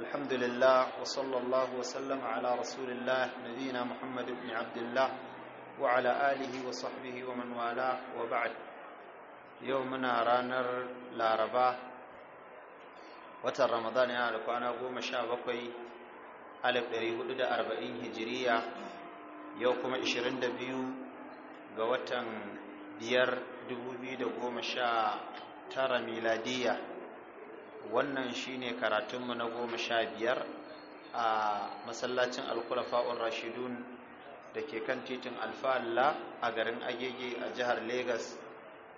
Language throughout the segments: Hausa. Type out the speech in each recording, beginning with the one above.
الحمد لله وصلى الله وسلم على رسول الله نبينا محمد بن عبد الله وعلى آله وصحبه ومن والاه وبعد يومنا رانر لا ربا وتر رمضان يا لقانا قوم شابقي ألف دريه لدى أربعين هجرية يوكم إشرين دبيو قوتن بير دبو بيد ترى ميلادية wannan shine karatunmu na goma sha biyar a masallacin alkulafa'un rashidun da ke kan titin alfa'alla a garin agege a jihar Legas.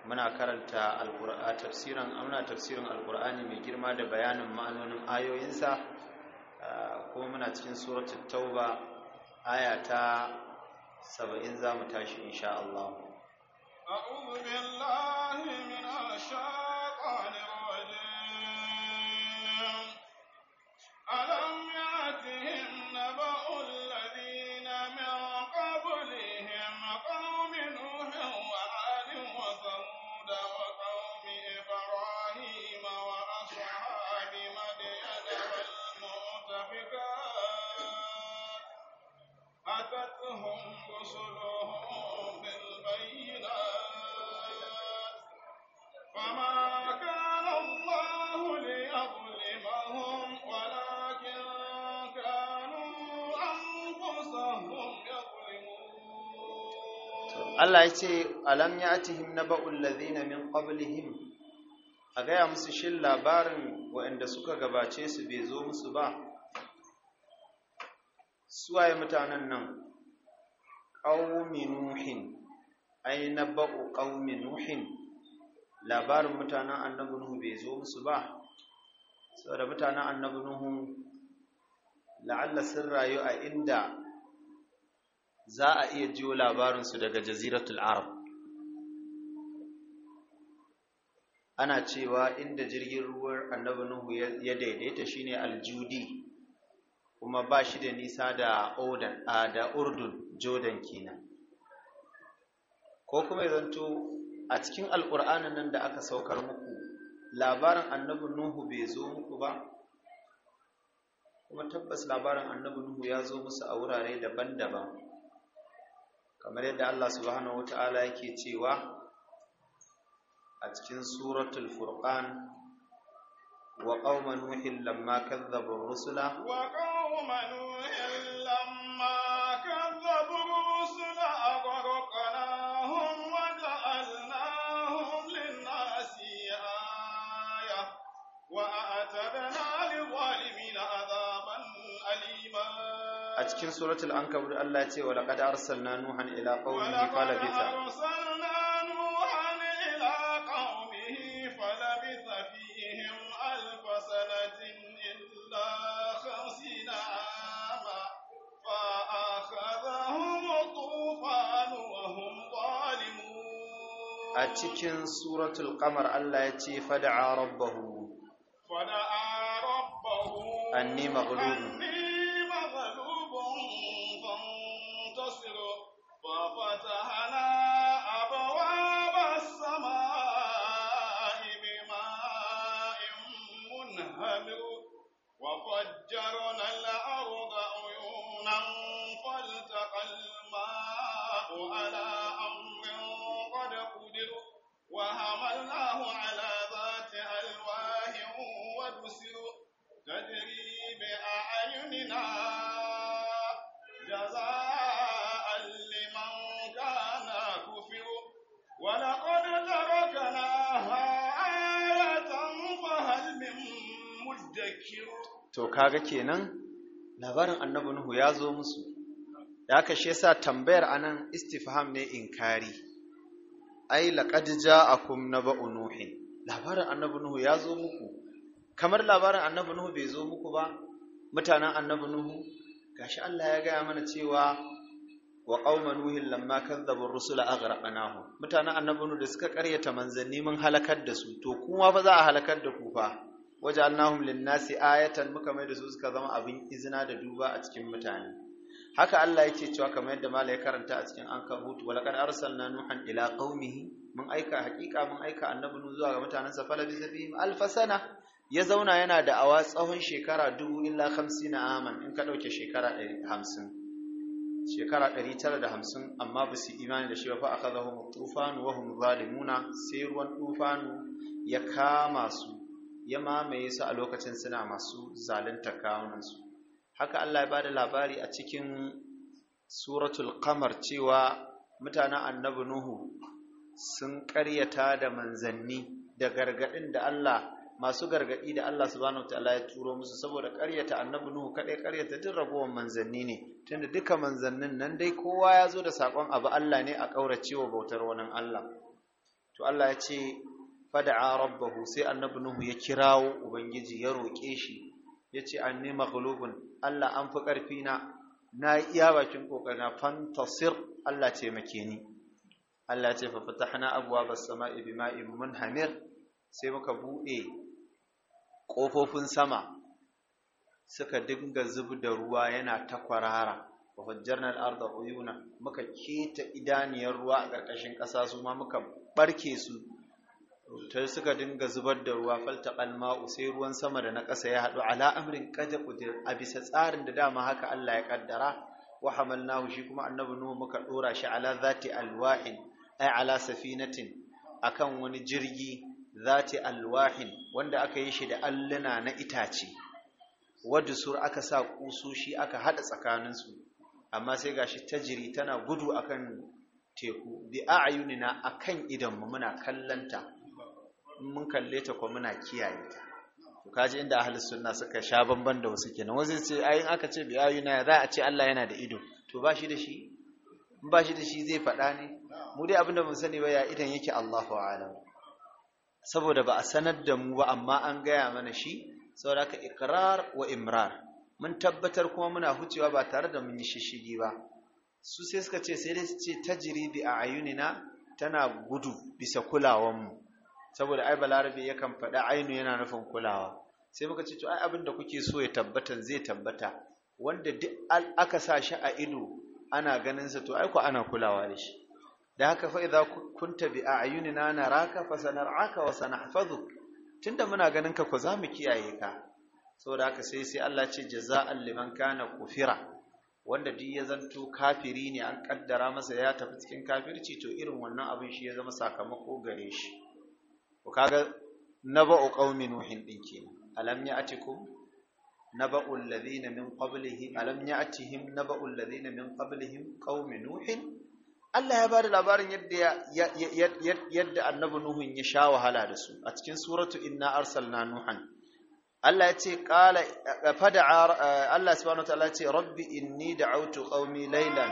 muna karanta tafsirin amna tafsirin alkur'ani mai girma da bayanin ma'anonin ayoyinsa kuma muna cikin suratul tauba aya ta za mu tashi insha'allah Allah a'udhu billahi minash shaitanir Allah. Allah ya ce alam ya atihim na ba'ul na min qablihim a gaya musu shin labarin waɗanda suka gabace su bai zo musu ba suwaye mutanen nan qaumi nuhin ai na ba'u qaumi nuhin labarin mutanen annabin hu bai zo musu ba saboda mutanen annabin nuhu la'alla sun rayu a inda za a iya jiyo labarinsu daga jaziratul arab ana cewa inda jirgin ruwan annabi nuhu ya daidaita shine aljudi kuma ba shi da nisa da odan a da urdun jordan kenan ko kuma zanto a cikin alkur'anin nan da aka saukar muku labarin annabi nuhu bai zo muku ba kuma tabbas labarin annabi nuhu ya zo musu a wurare daban-daban kamar yadda Allah subhanahu wata'ala yake cewa a cikin suratul furqan wa qauma nuhin lamma kadzabu rusula wa qauma nuhin cikin suratul ankabut Allah ya ce wa laqad arsalna nuhan ila qaumihi falabitha a cikin suratul kamar Allah ya ce fada'a rabbahu fada'a rabbahu anni maghlubun ka kaga kenan labarin annabi nuhu ya zo musu ya kashe sa tambayar anan istifham ne inkari ai laqad ja'akum naba'u nuhin labarin annabi nuhu ya zo muku kamar labarin annabi nuhu bai zo muku ba mutanen annabi nuhu gashi Allah ya gaya mana cewa wa qauma nuhin lamma kadzabu rusula aghraqnahum mutanen annabi nuhu da suka karyata manzanni mun halakar da su to kuma fa za a halakar da ku fa waje lin linnasi ayatan muka mai da su suka zama abin izina da duba a cikin mutane haka Allah yake cewa kamar yadda malai ya karanta a cikin ankabut walaqad arsalna nuhan ila qaumihi mun aika haqiqa mun aika annabi nu zuwa ga mutanen sa falabi alf alfasana ya zauna yana da awa tsawon shekara dubu illa 50 aman in ka dauke shekara 50 shekara 950 amma ba su imani da shi ba fa akhadhahum tufanu wa hum zalimuna sai ruwan tufanu ya kama su ya mamaye su a lokacin suna masu zalunta kawunansu haka Allah ya ba da labari a cikin suratul kamar cewa mutanen annabi nuhu sun karyata da manzanni da gargaɗin da Allah masu gargaɗi da Allah subhanahu Ta'ala ya turo musu saboda ƙaryata annabi Nuhu kaɗai ƙaryata duk ragowar manzanni ne tunda duka manzannin nan dai kowa ya zo da saƙon abu Allah ne a ƙauracewa bautar wani Allah to Allah ya ce fada'a rabbahu sai annabi nuhu ya kirawo ubangiji ya roƙe shi ya ce anni maghlubun Allah an fi ƙarfi na na iya bakin kokarina fantasir Allah ce taimake ni Allah ce fa fatahna abwaaba as-sama'i bima'in munhamir sai muka buɗe. Ƙofofin sama suka dinga zub da ruwa yana ta kwarara wa arda uyuna muka keta idaniyar ruwa a ƙarƙashin ƙasa su ma muka barke su ta suka dinga zubar da ruwa falta ma'u sai ruwan sama da na ƙasa ya haɗu ala amrin qad qudir a bisa tsarin da dama haka Allah ya kaddara wa hamalnahu shi kuma annabi nuhu muka dora shi ala zati alwahin ay ala safinatin akan wani jirgi zati alwahin wanda aka yi shi da alluna na itace wadda sur aka sa kusoshi aka hada tsakaninsu amma sai gashi tajiri tana gudu akan teku bi a'yunina akan idan mu muna kallanta mun kalle ta kuma muna kiyaye ta to kaji inda ahlus sunna suka sha bamban da wasu kenan wasu ce ayin aka ce bi ayuna za a ce Allah yana da ido to ba shi da shi in ba shi da shi zai faɗa ne mu dai abinda mun sani ba ya idan yake Allahu a'lam saboda ba a sanar da mu ba amma an gaya mana shi saboda ka ikrar wa imrar mun tabbatar kuma muna hucewa ba tare da mun yi shishigi ba su sai suka ce sai dai su ce tajribi a ayunina tana gudu bisa kulawanmu saboda ai balarabe yakan faɗa ainu yana nufin kulawa sai muka ce to ai abin da kuke so ya tabbata zai tabbata wanda duk aka sa shi a ido ana ganinsa to ai ku ana kulawa da shi da haka fa idza kunta bi a'yunina naraka fa sanar'aka wa sanahfazu tunda muna ganin ka ku za mu kiyaye ka saboda haka sai sai Allah ce jaza'an liman kana kufira wanda duk ya zanto kafiri ne an kaddara masa ya tafi cikin kafirci to irin wannan abin shi ya zama sakamako gare shi to kaga naba'u qaumi nuhin din kenan alam ya'tikum naba'u alladhina min qablihim alam ya'tihim naba'u alladhina min qablihim qaumi nuhin Allah ya bada labarin yadda yadda annabi nuhun ya sha wahala da su a cikin suratu inna arsalna nuhan Allah ya ce qala fada'a Allah subhanahu wa ta'ala ya ce rabbi inni da'awtu qaumi laylan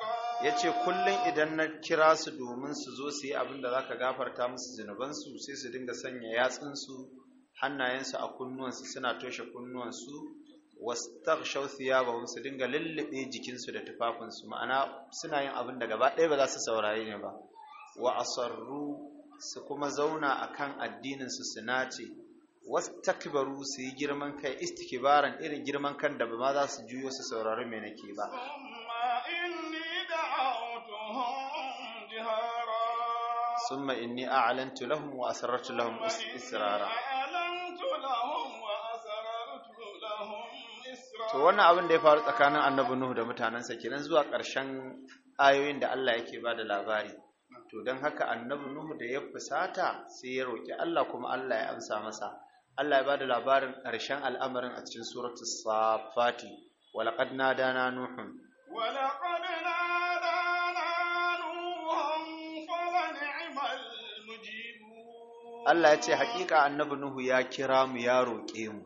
ya ce kullum idan na kira su domin su zo su yi abin da za ka gafarta musu zunubansu sai su dinga sanya yatsunsu hannayensu a kunnuwansu suna toshe kunnuwansu wasu wastaghshaw ba su dinga lullube jikinsu da tufafinsu ma'ana suna yin abin da gaba ɗaya ba za su saurari ne ba wa asarru su kuma zauna a kan addininsu su wasu wastakbaru su yi girman kai istikibaran irin girman kan da ba ma za su juyo su saurari mai nake ba ثم إني أعلنت لهم وأسررت لهم إسرارا to wannan abin da ya faru tsakanin annabi Nuhu da mutanansa kenan zuwa ƙarshen ayoyin da Allah yake ba da labari to don haka annabi Nuhu da ya fusata sai ya roƙi Allah kuma Allah ya amsa masa Allah ya ba da labarin ƙarshen al'amarin a cikin suratul safati walaqad nadana nuhun walaqad Allah ya ce haƙiƙa annabi Nuhu ya kira mu ya roƙe mu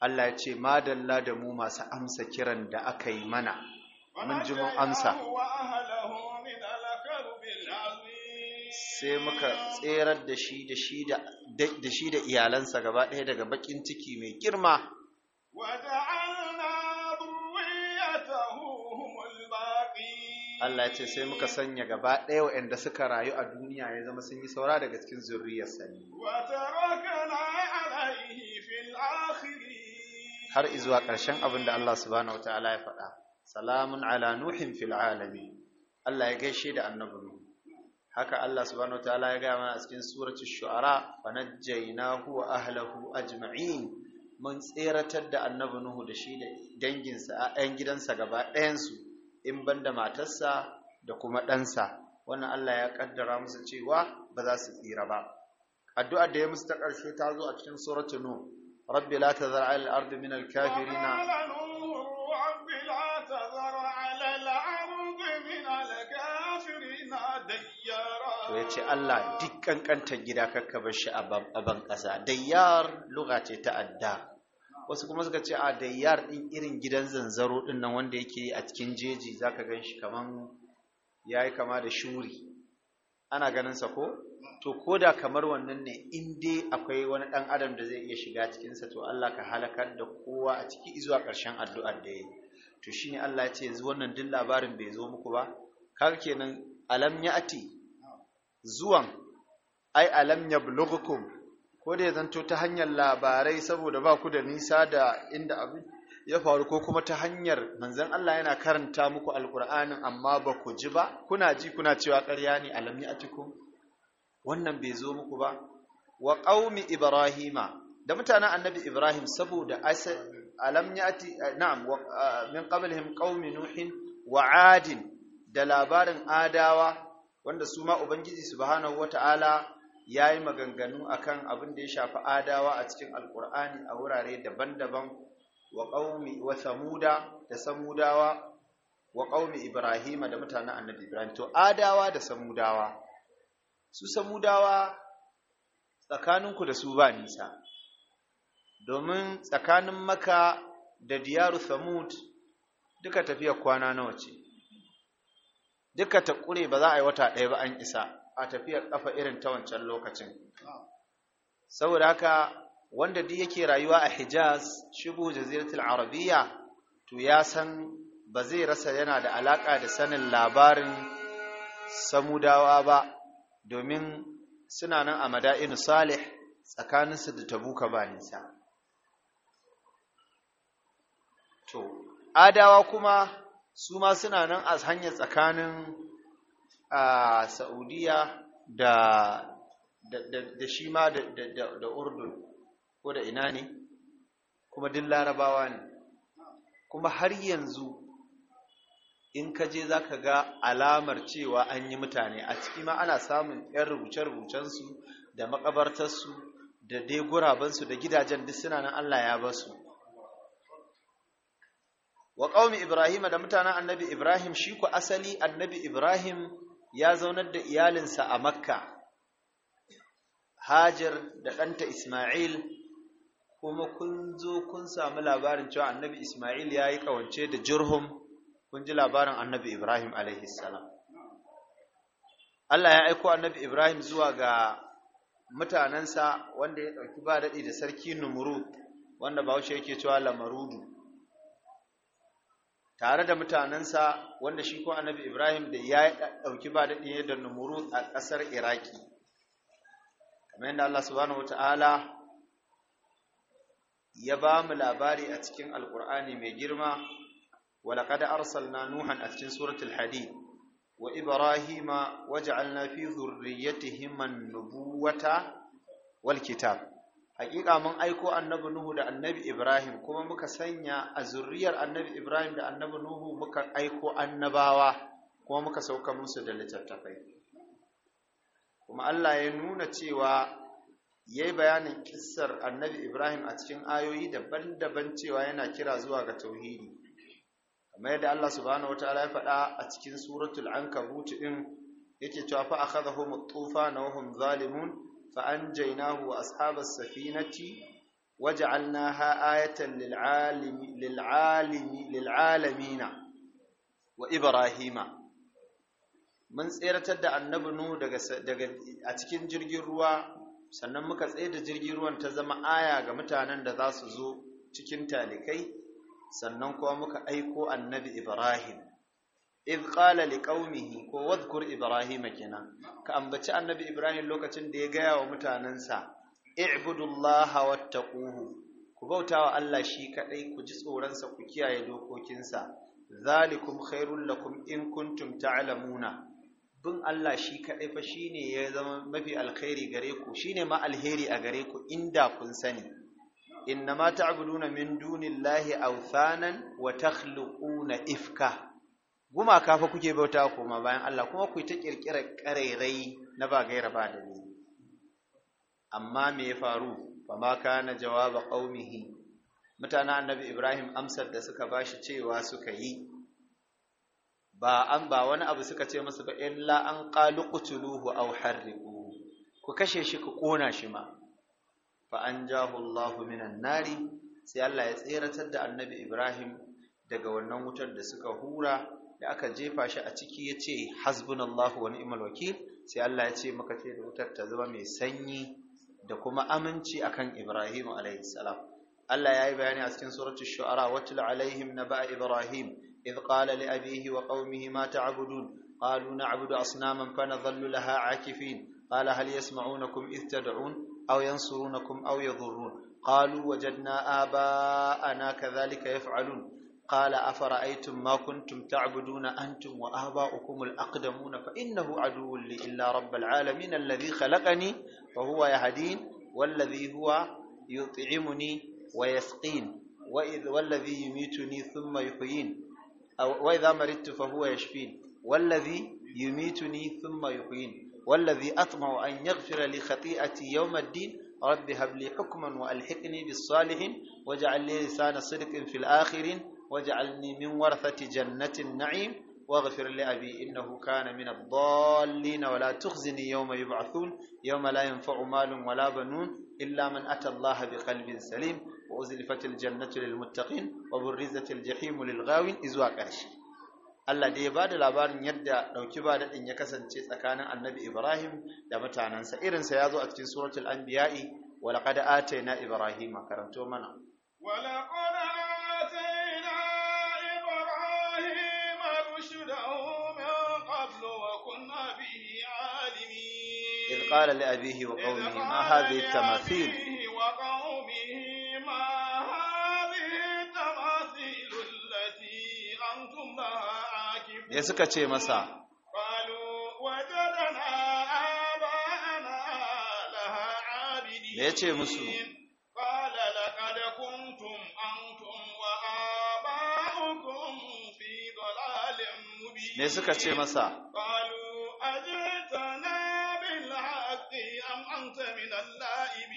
Allah ya ce madalla da mu masu amsa kiran da aka yi mana mun ji mun amsa sai muka tserar da shi da shi da da shi da iyalansa gaba ɗaya daga bakin ciki mai girma Allah ya ce sai muka sanya gaba ɗaya waɗanda suka rayu a duniya ya zama sun yi saura daga cikin zurriyar sani har izuwa ƙarshen abin da Allah subhanahu ya faɗa salamun ala nuhin fil alami, Allah ya gaishe da annabi haka Allah subhanahu ya gaya mana a cikin surat shu'ara fa najjaynahu wa ahlahu ajma'in mun tseratar da annabi Nuhu da shi da danginsa a gidansa gaba ɗayansu in da matarsa da kuma ɗansa wannan Allah ya ƙaddara musu cewa ba za su tsira ba addu'ar da ya musu ta ƙarshe ta zo a cikin suratu nu rabbi la tazar ala al min al al min al dayyara to yace Allah duk kankantar gida kakka bar shi a ban ƙasa dayyar lugha ce ta adda wasu kuma suka ce a dayyar ɗin irin gidan zanzaro din nan wanda yake a cikin jeji zaka ka gan shi kaman ya yi kama da shuri ana ganinsa ko to ko da kamar wannan ne in dai akwai wani ɗan adam da zai iya shiga cikinsa to Allah ka halakar da kowa a ciki izuwa ƙarshen addu'ar da ya yi to shi ne Allah ya ce yanzu wannan duk labarin bai zo muku ba kaga kenan alam ati, zuwan ai alam yablughukum ko da ya zanto ta hanyar labarai saboda ba ku da nisa da inda abin ya faru ko kuma ta hanyar manzan Allah yana karanta muku alkur'ani amma ba ku ji ba kuna ji kuna cewa ƙarya ne alami a wannan bai zo muku ba wa qaumi ibrahima da mutanen annabi ibrahim saboda alam na'am min qablihim qaumi nuhin wa adin da labarin adawa wanda su ma ubangiji subhanahu wataala ya yi maganganu a kan abin da ya shafi adawa a cikin alkur'ani a wurare daban-daban wa ƙaumi wa samuda da samudawa wa ƙaumi ibrahima da mutanen annabi ibrahim to adawa da samudawa su samudawa tsakaninku da su ba nisa domin tsakanin maka da diyaru samud duka tafiyar kwana nawa ce duka ta ƙure ba za a yi wata ɗaya ba an isa a tafiyar ƙafa irin ta wancan lokacin ah. saboda haka wanda duk yake rayuwa a Hijaz shigo jaziratul Arabiya to ya san ba zai rasa yana da alaƙa da sanin labarin samudawa ba domin suna nan a mada'inu salih tsakaninsu da tabuka ba nisa to adawa kuma su ma suna nan a hanyar tsakanin a saudiya da da shi ma da urdun ko da ina ne kuma din larabawa ne kuma har yanzu in ka je za ka ga alamar cewa an yi mutane a ciki ma ana samun 'yan rubuce-rubucensu da makabartarsu da dai gurabensu da gidajen duk suna nan Allah ya basu wa qaumi ibrahim da mutanen annabi ibrahim shi ku asali annabi ibrahim ya zaunar da iyalinsa a makka hajar da ɗanta ismail kuma kun zo kun samu labarin cewa annabi ismail ya yi ƙawance da jirhum kun ji labarin annabi ibrahim salam allah ya aiko annabi ibrahim zuwa ga mutanensa wanda ya ɗauki ba daɗi da sarki numurud wanda bahaushe yake cewa lamarudu tare da mutanensa wanda shi ko annabi Ibrahim da ya ɗauki ba daɗi da numuru a ƙasar Iraki. Kamar yadda Allah subhanahu wata'ala ya ba mu labari a cikin Alƙur'ani mai girma, arsal arsalna Nuhan a cikin suratul Hadid, wa Ibrahima waje fi zurriyatihim an-nubuwata wal kitab. hakika mun aiko annabi Nuhu da annabi Ibrahim kuma muka sanya a zurriyar annabi Ibrahim da annabi Nuhu muka aiko annabawa kuma muka sauka musu da littattafai kuma Allah ya nuna cewa ya yi bayanin kissar annabi Ibrahim a cikin ayoyi daban-daban cewa yana kira zuwa ga tauhidi kamar yadda Allah subhanahu wataala ya faɗa a cikin suratul ankabut din yake cewa fa akhadhahum at-tufan wa hum zalimun Fa فأنجيناه وأصحاب السفينة وجعلناها آية للعالم للعالم للعالمين ibrahima Mun tseratar da annabi nu daga a cikin jirgin ruwa sannan muka tsaye jirgin ruwan ta zama aya ga mutanen da za su zo cikin talikai sannan kuma muka aiko annabi Ibrahim idh qala liqaumihi ko wadhkur ibrahim kenan ka ambaci annabi ibrahim lokacin da ya gaya wa mutanansa i'budullaha wattaquhu ku bautawa Allah shi kaɗai ku ji tsoronsa ku kiyaye dokokinsa zalikum khairul lakum in kuntum ta'lamuna bin Allah shi kaɗai fa shine ya zama mafi alheri gare ku shine ma alheri a gare ku inda kun sani innama ta'buduna min dunillahi awthanan wa takhluquna ifka gumaka fa kuke bauta koma bayan Allah kuma ku ta kirkira ƙarairai na ba gaira ba da amma me ya faru fa ma kana jawaba qaumihi mutanen annabi Ibrahim amsar da suka bashi cewa suka yi ba an ba wani abu suka ce masa ba illa an qalu qutuluhu aw harriquhu ku kashe shi ku kona shi ma fa anjahu Allahu minan nari sai Allah ya tseratar da annabi Ibrahim daga wannan wutar da suka hura da aka jefa shi a ciki ya ce hasbunallahu wa ni'mal wakil sai Allah ya ce maka ce da wutar ta zama mai sanyi da kuma aminci akan Ibrahim alaihi Allah ya yi bayani a cikin suratu shu'ara watul alaihim ba'a ibrahim idh qala li abihi wa qaumihi ma ta'budun قالوا نعبد أصناما فنظل لها عاكفين قال هل يسمعونكم إذ تدعون أو ينصرونكم أو يضرون قالوا وجدنا آباءنا كذلك يفعلون قال أفرأيتم ما كنتم تعبدون أنتم وآباؤكم الأقدمون فإنه عدو لي إلا رب العالمين الذي خلقني وهو يهدين والذي هو يطعمني ويسقين وإذ والذي يميتني ثم يحيين أو وإذا مرضت فهو يشفين والذي يميتني ثم يحيين والذي أطمع أن يغفر لي خطيئتي يوم الدين رب هب لي حكما وألحقني بالصالحين واجعل لي لسان صدق في الآخرين waj'alni min warthati jannatin na'im waghfir li abi innahu kana min ad-dallin wa la tukhzini yawma yub'athun yauma layin yanfa'u malun wa la banun illa man ata bi kalbin salim wa uzlifatil jannatu lil muttaqin wa burrizatil jahimu lil ghawin izwa ƙarshe. Allah da ya da labarin yadda dauki ba dadin ya kasance tsakanin Annabi Ibrahim da mutanansa irinsa ya zo a cikin suratul anbiya'i wa laqad atayna ibrahima karanto mana نعبده من قبل وكنا به عالمين إذ قال لأبيه وقومه ما هذه التماثيل وقومه ما هذه التماثيل التي أنتم لها عاكفون يا سكتي مساء قالوا وجدنا آباءنا لها عابدين يا مسلم me suka ce masa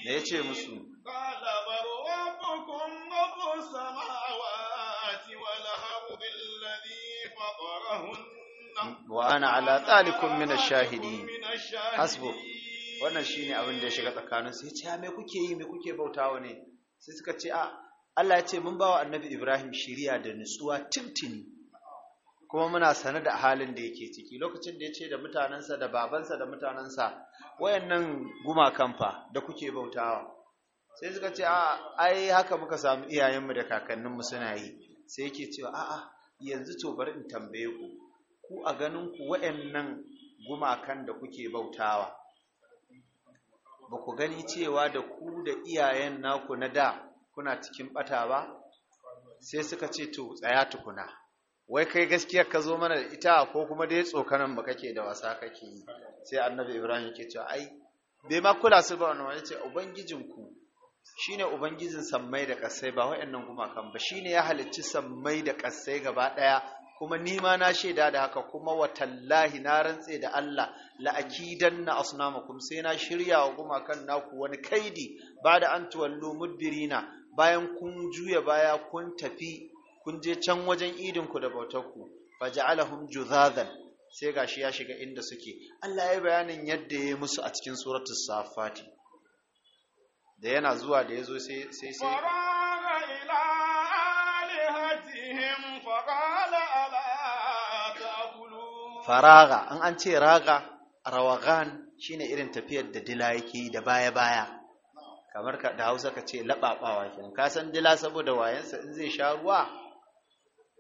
me ya ce musu wa ana ala tsalikun mina shahidi hasbu wannan shi ne abin da ya shiga tsakaninsu ya ce me kuke yi me kuke bautawa ne sai suka ce a Allah ya ce mun ba wa annabi Ibrahim shiriya da nutsuwa tintini kuma muna sane da halin da yake ciki lokacin da ya ce da mutanensa da babansa da mutanensa wayannan gumakan fa da kuke bautawa sai suka ce a ai haka muka samu iyayenmu da kakanninmu suna yi sai yake cewa a'a yanzu to bari in tambaye ku ku a ganin ku wayannan gumakan da kuke bautawa ba ku gani cewa da ku da iyayen naku na da kuna cikin bata ba sai suka ce to tsaya tukuna wai kai gaskiya ka zo mana da ita ko kuma dai tsokanan ba kake da wasa kake yi sai annabi ibrahim yake cewa ai bai ma kula su ba wannan wani ce ubangijinku shine ubangijin sammai da kasai ba wayannan kan ba shine ya halicci sammai da kasai gaba daya kuma ni ma na shaida da haka kuma watallahi na rantse da Allah la akidanna asnamakum sai na shirya wa kuma kan naku wani kaidi ba da an tuwallu mudbirina bayan kun juya baya kun tafi kun je can wajen idin ku da bautar ku ja'alahum juzadan sai gashi ya shiga inda suke Allah ya bayanin yadda ya musu a cikin suratul safati da yana zuwa da yazo sai sai sai faraga in an ce raga rawagan shine irin tafiyar da dila yake da baya baya kamar ka da Hausa ka ce lababawa kin ka san dila saboda wayansa in zai sha ruwa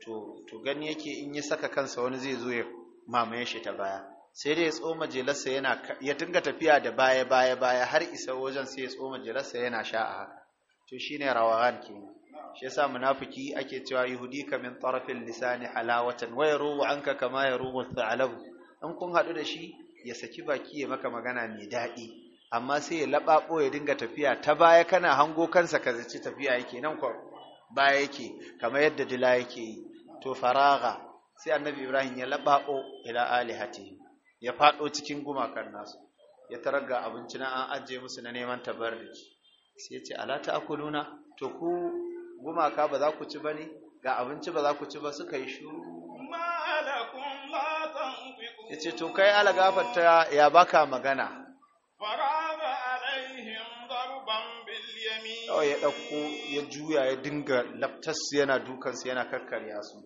to gani yake in yi saka kansa wani zai zo ya mamaye shi ta baya sai dai ya tsoma jelarsa yana ya tunga tafiya da baya baya baya har isa wajen sai ya tsoma jelarsa yana sha a haka to shi ne rawahan kenan shi yasa munafiki ake cewa yuhdika min tarafin lisani halawatan wa yaruhu anka kama yaruhu thalabu in kun haɗu da shi ya saki baki ya maka magana mai daɗi amma sai ya laɓaɓo ya dinga tafiya ta baya kana hango kansa ka zaci tafiya yake nan kwa baya yake kamar yadda dila yake yi to faragha sai annabi ibrahim ya laba'o ila alihati ya fado cikin gumakan nasu ya targa abinci na an ajiye musu na neman tabarruki sai ya ce ala ta'kuluna to ku gumaka ba za ku ci bane ga abinci ba za ku ci ba suka yi shuru ya ce to kai ala gafarta ya baka magana Yau ya ɗauko ya juya ya dinga laftas yana dukansu yana karkarya su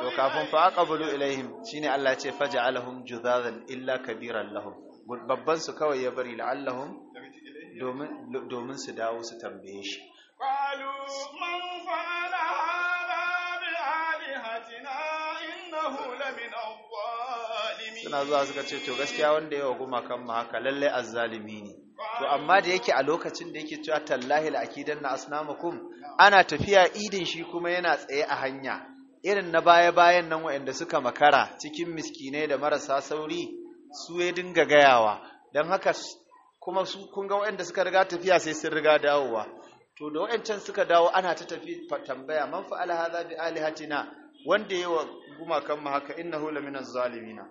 to kafin fa aqbalu ilaihim shine Allah ya ce faj'alahum judhadan illa kabiran lahum babban su kawai ya bari la'allahum domin domin su dawo su tambaye shi qalu man fa'ala hada bi alihatina innahu suna zuwa suka ce to gaskiya wanda yawa gumakan mu haka lallai azzalimi ne to amma da yake a lokacin da yake cewa tallahi akidan na asnamakum ana tafiya idin shi kuma yana tsaye a hanya irin na baya bayan nan waɗanda suka makara cikin miskinai da marasa sauri su ya dinga gayawa don haka kuma su kun ga suka riga tafiya sai sun riga dawowa to da waɗancan suka dawo ana ta tafi tambaya man fa'ala hadha bi alihatina wanda yawa gumakan mu haka innahu laminaz zalimina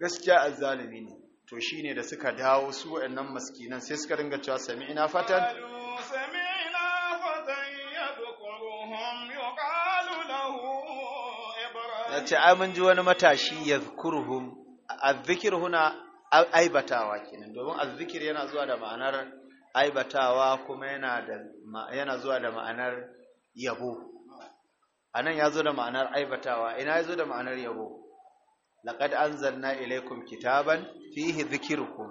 gaskiya azzalimi ne to shi ne da suka dawo su waɗannan maskinan sai suka ringa cewa sami ina fatan yadkuruhum ce amin yace ai ji wani matashi yadkuruhum azzikir huna aibatawa kenan domin zikir yana zuwa da ma'anar aibatawa kuma yana zuwa da ma'anar yabo A nan ya zo da ma'anar aibatawa ina ya zo da ma'anar yabo an zanna ilaikum kitaban fihi ku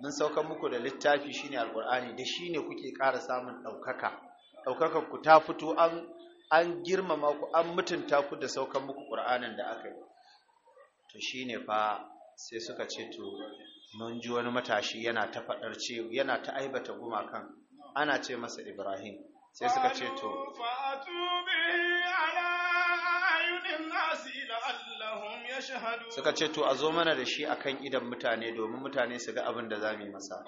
mun saukan muku da littafi shine alqur'ani da shi ne kuke ƙara samun ɗaukaka. ɗaukakar ku ta fito an an girmama ku an mutunta ku da saukan muku ƙur'anin da aka yi to ne fa sai suka ce to mun ji wani matashi yana ta faɗar ce yana ta aibata gumakan ana ce masa Ibrahim sai suka ce to suka ce to a zo mana da shi akan idan mutane domin mutane su ga abin da za mu yi masa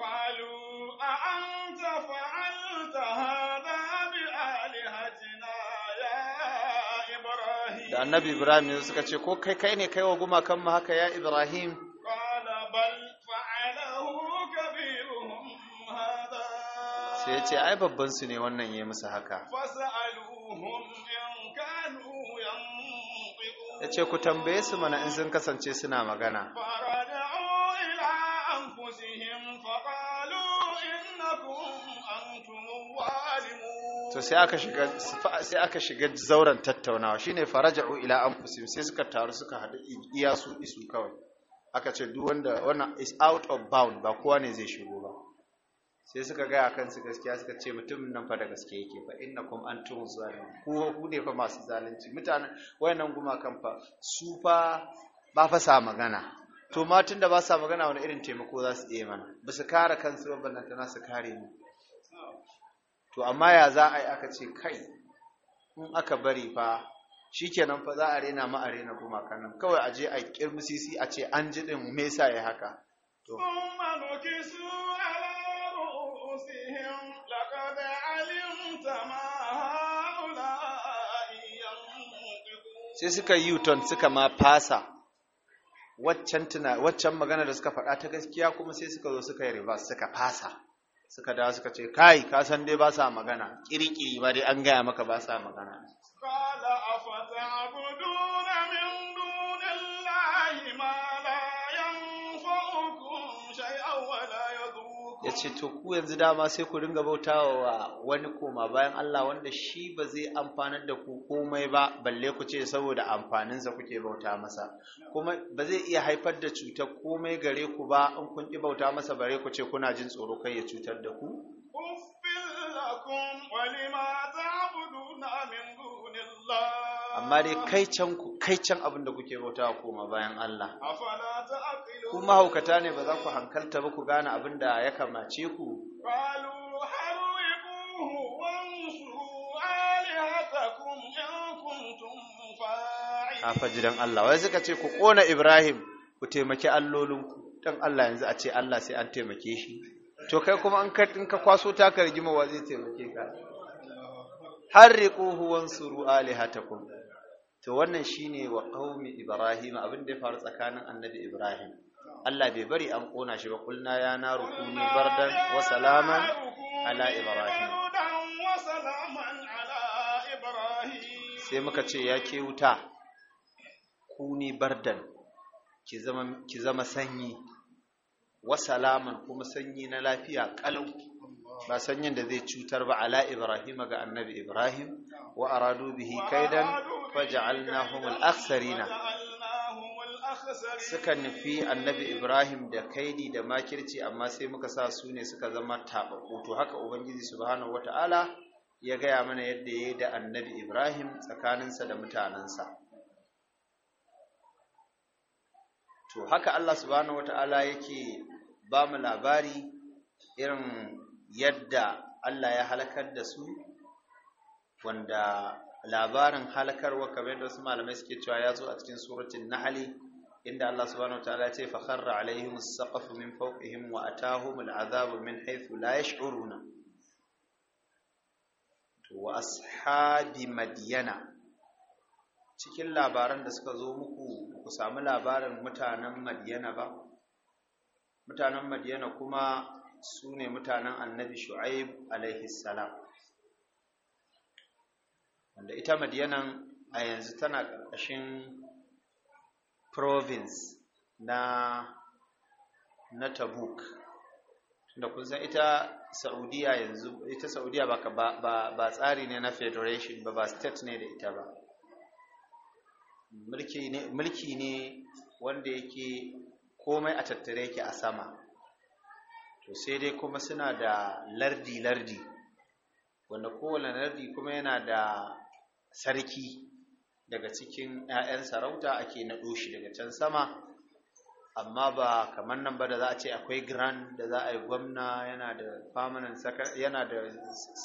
da annabi ibrahim suka ce ko kai kai ne kai wa gumakan mu haka ya ibrahim sai ce ai babban su ne wannan ya musu haka ya ce ku tambaye su mana in sun kasance suna magana to sai aka shiga sai aka shiga zauren tattaunawa shine faraja'u ila anfusihim sai suka taru suka hadu iya su isu kawai aka ce duk wanda wannan is out of bound ba kowa ne zai shigo ba sai suka gaya kansu gaskiya suka ce mutumin nan fa da gaske yake fa kum antum zalim ku ku ne fa masu zalunci mutanen wayannan kan fa su fa ba fa sa magana to ma tunda ba sa magana wani irin taimako za su iya mana ba su kare kansu ba ballantana su kare ni. to amma ya za a yi aka ce kai in aka bari fa shikenan fa za a rena ma a rena kan nan kawai a je a kirmusisi a ce an ji din me yasa ya haka to لقد علمت sai suka yi uton suka ma fasa waccan tuna magana da suka faɗa ta gaskiya kuma sai suka zo suka yi reverse suka fasa suka dawo suka ce kai kasan dai ba sa magana kirkiri ba dai an gaya maka ba sa magana ya ce to ku yanzu dama sai ku dinga bauta wa wani koma bayan Allah wanda shi ba zai amfanar da ku komai ba balle ku ce saboda amfaninsa kuke bauta masa kuma ba zai iya haifar da cutar komai gare ku ba in kun ki bauta masa bare ku ce kuna jin tsoro kai ya cutar da ku uffil amma dai kai can kai can abin da kuke bauta ma bayan Allah kuma haukata ne ba za ku hankalta ba ku gane abin da ya kamace ku a fajiran Allah wai suka ce ku kona Ibrahim ku taimaki ku dan Allah yanzu a ce Allah sai an taimake shi to kai kuma an ka ka kwaso taka gima wa zai taimake ka harriquhu wansuru alihatakum to wannan shine wa qaumi ibrahim abin da ya faru tsakanin annabi ibrahim Allah bai bari an kona shi ba kulna ya naru kuni bardan wa salaman ala ibrahim sai muka ce ya ke wuta kuni bardan ki zama ki zama sanyi wa salaman kuma sanyi na lafiya kalau ba sanyin da zai cutar ba ala ibrahim ga annabi ibrahim wa aradu bihi kaidan فجعلناهم aksarina, suka nufi annabi Ibrahim da kaidi da makirci amma sai muka sa su ne suka zama taɓaɓɓu to haka Ubangiji subhanahu wata'ala ya gaya mana yadda ya yi da annabi Ibrahim tsakaninsa da mutanensa. To haka Allah subhanahu wata'ala yake ba mu labari irin yadda Allah ya halakar da su wanda labarin halakarwa kamar da wasu malamai suke cewa ya zo a cikin suratun nahali inda Allah subhanahu wa ta'ala ce fakharra alaihim as-saqaf min fawqihim wa atahum al min haythu la yash'uruna wa ashabi madyana cikin labaran da suka zo muku ku samu labarin mutanen madyana ba mutanen madyana kuma sune mutanen annabi shu'aib alaihi salam wanda ita madiyanan a yanzu tana ƙarƙashin province na na tabuk da kun san ita saudiya yanzu ita saudiya ba, ba, ba tsari ne na federation ba ba state ne da ita ba mulki ne, mulki ne wanda yake komai a tattare yake a sama to sai dai kuma suna da lardi-lardi wanda kowane lardi kuma yana da sarki daga cikin 'ya'yan sarauta ake naɗo shi daga can sama amma ba kamar nan ba da za a ce akwai grand da za a yi gwamna yana da yana da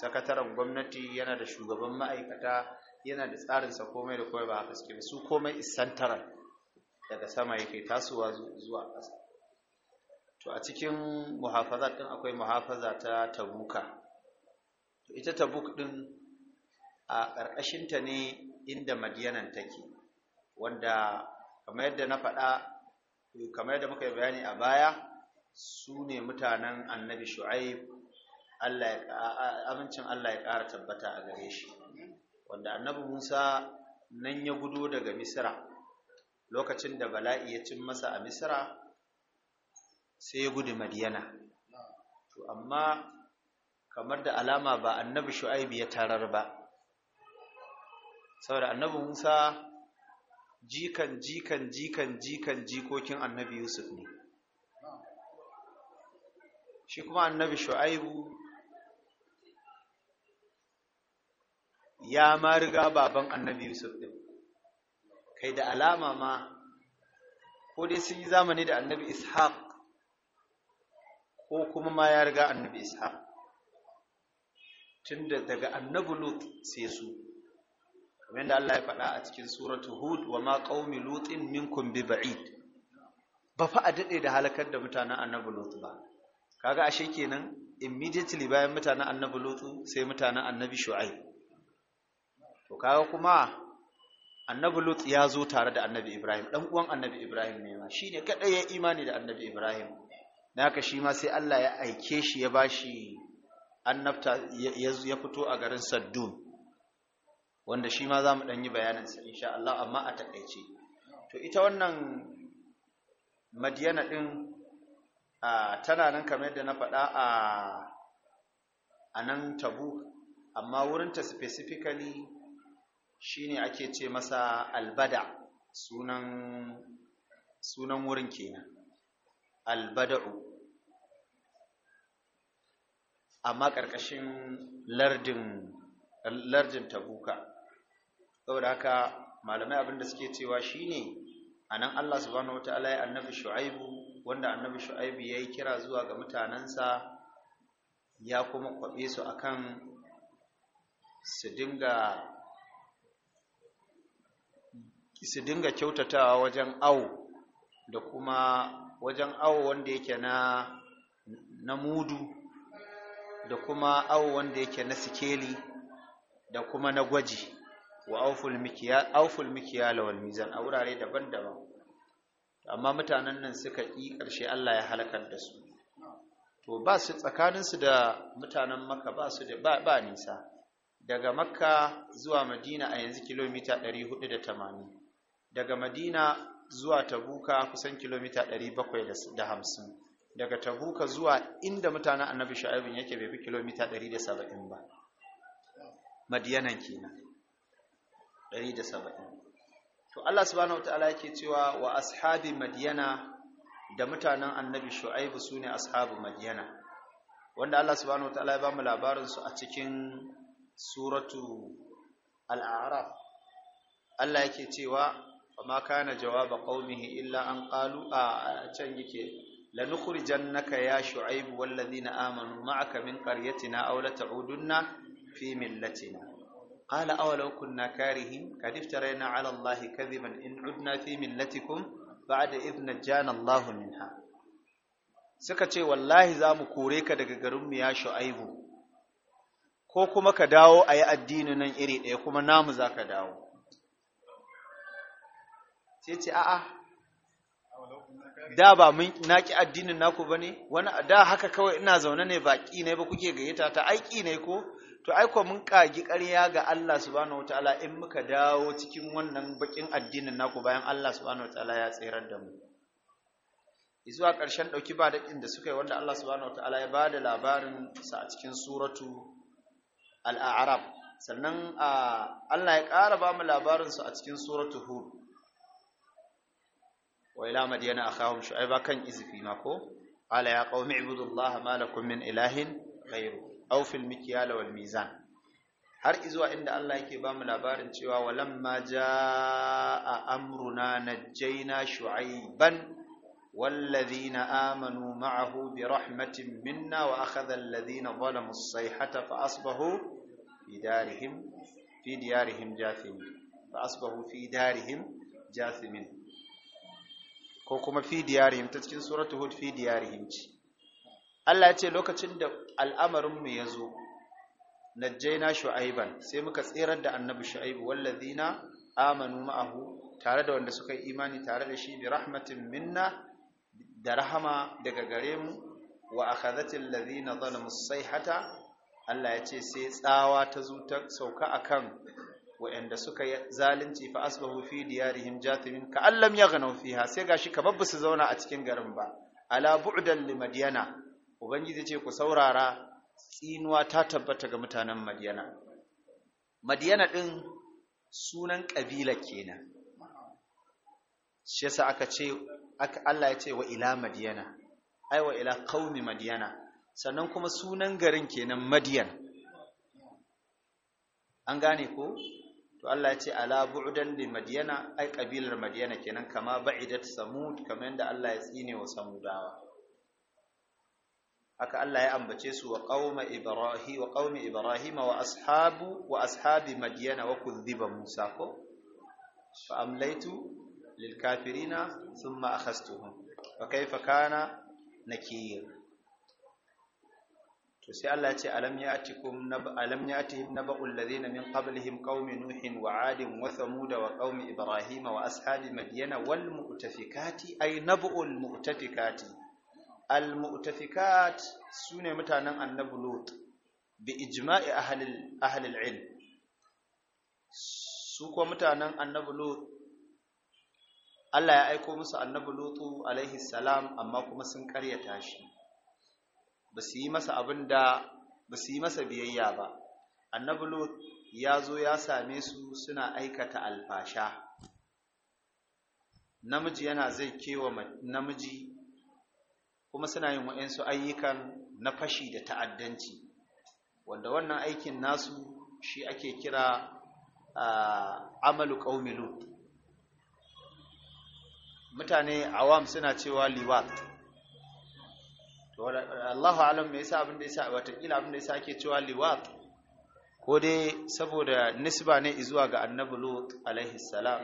sakataren gwamnati yana da shugaban ma'aikata yana da tsarinsa komai da komai ba haka suke su komai is central daga sama yake tasowa zuwa ƙasa to a cikin muhafaza ɗin akwai muhafaza ta tabuka to ita tabuk ɗin. a ƙarƙashinta ne inda madiyanan take wanda kamar yadda na faɗa kamar yadda muka yi bayani a baya su ne mutanen annabi shu'aib amincin allah ya ƙara tabbata a gare shi wanda annabi musa nan ya gudo daga misira lokacin da bala'i ya cin masa a misira sai ya gudu madiyana to amma kamar da alama ba annabi shu'aib ya tarar ba saboda annabi Musa jikan jikan jikan jikan jikokin annabi Yusuf ne shi kuma annabi Shu'aibu ya ma riga baban annabi Yusuf din kai da alama ma ko dai sun yi zamani da annabi Ishaq ko kuma ma ya riga annabi Ishaq tunda daga annabi Lut sai su kamar yadda Allah ya faɗa a cikin suratu Hud wa ma qaumi lutin minkum bi ba'id ba fa a dade da halakar da mutanen annabi Lut ba kaga ashe kenan immediately bayan mutanen annabi Lut sai mutanen annabi shu'ai to kaga kuma annabi Lut ya zo tare da annabi Ibrahim dan uwan annabi Ibrahim ne ma shine kadai ya imani da annabi Ibrahim Na naka shi ma sai Allah ya aike shi ya bashi annabta ya fito a garin saddun. wanda shi ma za mu ɗanyi bayaninsa insha Allah amma a taƙaice to ita wannan madiyana ɗin tana nan kamar yadda na faɗa a anan tabu amma wurinta specifically shine ake ce masa albada sunan sunan wurin kenan albada'u amma ƙarƙashin lardin lardin tabuka saboda haka malamai abin da suke cewa shine anan Allah subhanahu wataala ya annabi Shu'aibu wanda annabi Shu'aibu ya yi kira zuwa ga mutanansa ya kuma kwabe su akan su dinga su dinga kyautatawa wajen awo da kuma wajen awo wanda yake na na mudu da kuma awo wanda yake na sikeli da kuma na gwaji wa auful mikiya auful wal mizan a wurare daban-daban amma mutanen nan suka yi ƙarshe Allah ya halakar da su to ba su tsakaninsu da mutanen makka ba su da ba nisa daga makka zuwa madina a yanzu kilomita 480 daga madina zuwa tabuka kusan kilomita 750 daga tabuka zuwa inda mutanen annabi sha'ibin yake bai fi kilomita 170 ba madiyanan kenan 170 to Allah subhanahu wataala yake cewa wa ashabi madyana da mutanen annabi shu'aibu sune ashabu madyana wanda Allah subhanahu wataala ya bamu labarin su a cikin suratu al-a'raf Allah yake cewa ma kana jawaba qaumihi illa an qalu a can yake lanukhrijannaka ya shu'aibu wallazina amanu ma'aka min qaryatina aw la ta'udunna fi millatina قال أولو كنا كارهين قد افترينا على الله كذبا إن عدنا في ملتكم بعد إذ نجانا الله منها suka ce wallahi za mu kore ka daga garinmu ya shu'aibu ko kuma ka dawo a yi addini nan iri ɗaya kuma namu za ka dawo sai ce a'a da ba mun naki addinin naku ba ne wani da haka kawai ina zaune ne baƙi ne ba kuke gayyata ta aiki ne ko to aiko mun kagi ƙarya ga Allah subhanahu wataala in muka dawo cikin wannan bakin addinin naku bayan Allah subhanahu wataala ya tsirar da mu zuwa ƙarshen ɗauki ba daɗin da suka yi wanda Allah subhanahu wataala ya bada labarin sa a cikin suratu al-a'raf sannan Allah ya ƙara ba mu labarin su a cikin suratu hud wa ila madiyana akhahum shu'aiba kan izfi mako? ko qala ya qaumi ibudullaha ma lakum min ilahin ghayruhu aw fil mikyal wal mizan har izuwa inda Allah yake bamu labarin cewa walamma jaa amruna najjayna shu'ayban والذين آمنوا معه برحمة منا وأخذ الذين ظلموا الصيحة فأصبحوا في دارهم في ديارهم جاثمين فأصبحوا في دارهم جاثمين كوكما في ديارهم تتكين سورة هود في ديارهم جي. Allah ya ce lokacin da al'amarinmu ya zo, najjaina shu'aiban sai muka tsirar da annabi shu'aibu wallazina amanu ma'ahu tare da wanda suka yi imani tare da shi bi rahmatin minna da rahama daga gare mu wa akhadhatil ladina zalamu sayhata Allah ya ce sai tsawa ta zo ta sauka akan wayanda suka yi zalunci fa asbahu fi diyarihim jathimin ka allam yaghnaw fiha sai gashi kamar su zauna a cikin garin ba ala bu'dan li ubangiji ce ku saurara tsinuwa ta tabbata ga mutanen madiyana madiyana ɗin sunan ƙabila kenan shi aka ce Allah ya ce wa ila madiyana ai wa ila ƙaumi madiyana sannan kuma sunan garin kenan madiyan an gane ko to Allah ya ce ala bu'udan da madiyana ai ƙabilar madiyana kenan kama ba'idat samud kamar yadda Allah ya tsine wa samudawa haka Allah ya ambace su wa qauma ibrahim wa qaumi wa ashabu wa ashabi madyana wa kudhiba musa ko fa amlaitu lil kafirina thumma akhastuhum fa kayfa kana nakir to sai Allah ya ce alam ya'tikum nab alam ya'tihim naba'ul ladina min qablihim qaumi nuhin wa 'adin wa thamud wa qaumi ibrahim wa ashabi madyana wal mu'tafikati ay nab'ul mu'tafikati al-mu'tafikat sune mutanen annabi lut bi ijma'i ahli ahli al-ilm su ko mutanen annabi lut Allah ya aiko musu annabi lut alaihi salam amma kuma sun karyata shi ba su yi masa abinda yi masa biyayya ba annabi lut ya zo ya same su suna aikata alfasha namiji yana zai kewa namiji kuma suna yin waɗansu ayyukan na fashi da ta'addanci wanda wannan aikin nasu shi ake kira amalu ƙaumilu mutane awam suna cewa liwat Allahu alam mai yasa abin da yasa watakila abin da yasa ake cewa liwat ko dai saboda nisba ne zuwa ga annabi lut alaihi salam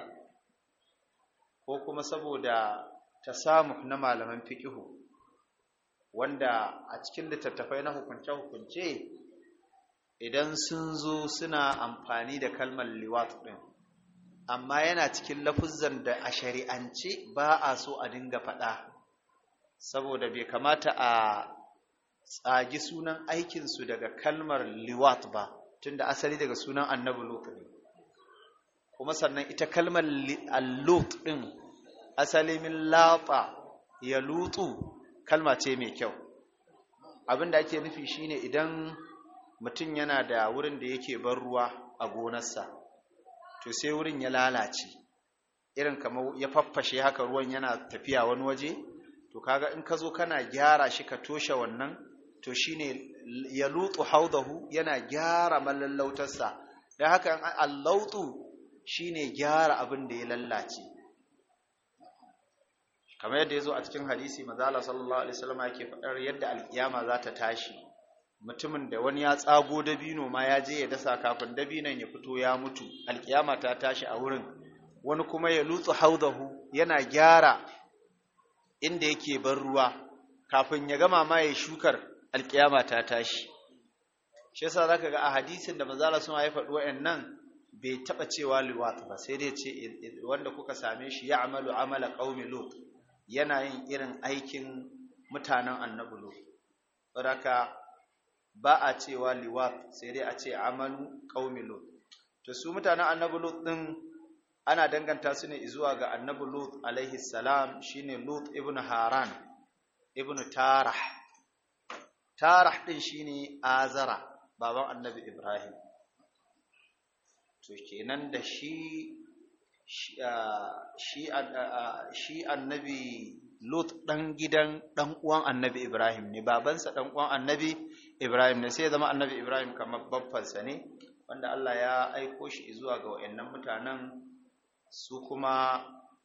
ko kuma saboda tasamuh na malaman fiqhu wanda a cikin littattafai na hukunce-hukunce idan sun zo suna amfani da kalmar liwat ɗin amma yana cikin lafuzzan da a shari'ance ba a so a dinga faɗa saboda bai kamata a tsagi sunan aikinsu daga kalmar liwat ba tunda asali daga sunan annabi lot ne kuma sannan ita kalmar lot ɗin asali min ya lutsu kalma ce mai kyau abin da ake nufi shine idan mutum yana da wurin da yake ban ruwa a gonarsa to sai wurin ya lalace irin kamar ya faffashe haka ruwan yana tafiya wani waje to kaga in ka zo kana gyara shi ka toshe wannan to shine ya lutsu haudahu yana gyara mallautarsa don haka allautu shine gyara abin da ya lallace kamar yadda ya zo a cikin hadisi mazala sallallahu alaihi wasallam yake faɗar yadda alƙiyama za ta tashi mutumin da wani ya tsago dabino ma ya je ya dasa kafin dabinan ya fito ya mutu alƙiyama ta tashi a wurin wani kuma ya lutsu haudahu yana gyara inda yake bar ruwa kafin ya gama ma ya shukar alƙiyama ta tashi shi yasa zaka ga a hadisin da manzala sun ya faɗi wa'annan bai taɓa cewa liwat ba sai dai ce eh, eh, wanda kuka same shi ya amalu amala qaumi lut yana yin irin aikin mutanen annabulu raka ba a cewa liwat sai dai a ce amalu qaumilo to su mutanen annabulu ɗin ana danganta su ne zuwa ga annabi alaihi salam ne lut ibn haran ibn tarah tarah din ne azara baban annabi ibrahim to kenan da shi shi annabi Lot ɗan gidan ɗan uwan annabi Ibrahim ne, babansa ɗan uwan annabi Ibrahim ne, sai zama annabi Ibrahim kamar babbansa ne, wanda Allah ya aiko shi zuwa ga wa'yannan mutanen su kuma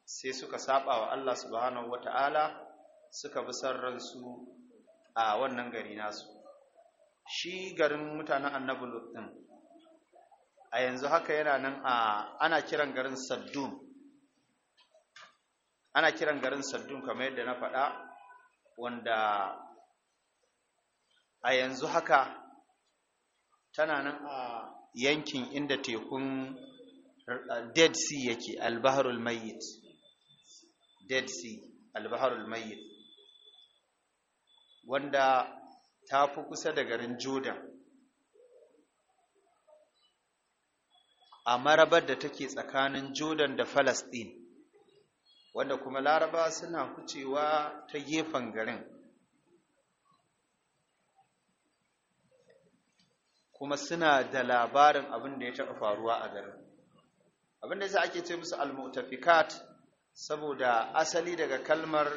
sai suka saba wa Allah subhanahu wa ta'ala suka bi ransu a wannan gari nasu. Shi garin mutanen annabi Lot ɗin. a yanzu haka yana nan a ana kiran garin Saddun, ana kiran garin Saddun kamar yadda na faɗa wanda a yanzu haka tana nan a yankin inda tekun eh, dead sea yake albaharul mayyit dead sea albaharul mayyit wanda ta fi kusa da garin jordan a marabar da take tsakanin jordan da falastin wanda kuma laraba suna hucewa ta gefen garin kuma suna da labarin abin da ya taɓa faruwa a garin abin da ake ce musu al-mu'tafikat saboda asali daga kalmar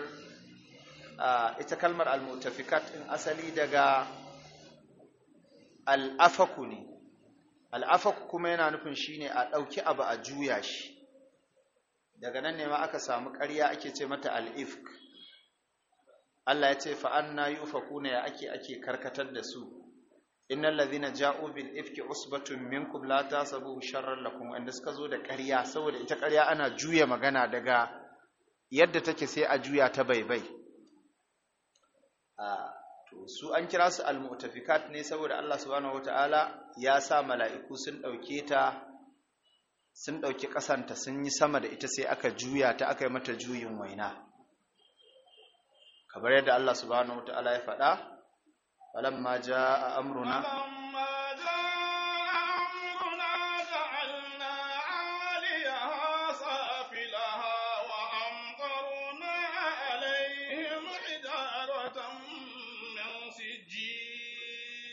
ita kalmar al-mu'tafikat in asali daga al-afaku ne al'afak kuma yana nufin shine a ɗauki abu a juya shi daga nan ne ma aka samu ƙarya ake ce mata al'ifk Allah ya ce fa'anna yi ufakuna ya ake ake karkatar da su na lazina ja'o bil ifki usbatun minkum la ta sabu sharar lakum wanda suka zo da ƙarya saboda ita ƙarya ana juya magana daga yadda take sai a juya ta baibai ah, su an kira su al-mu'tafikat ne saboda Allah subhanahu wata'ala ya sa mala'iku sun ɗauke ta sun ɗauki ƙasanta sun yi sama da ita sai aka juya ta aka yi mata juyin waina kamar yadda Allah subhanahu wa ta'ala ya faɗa ja a amruna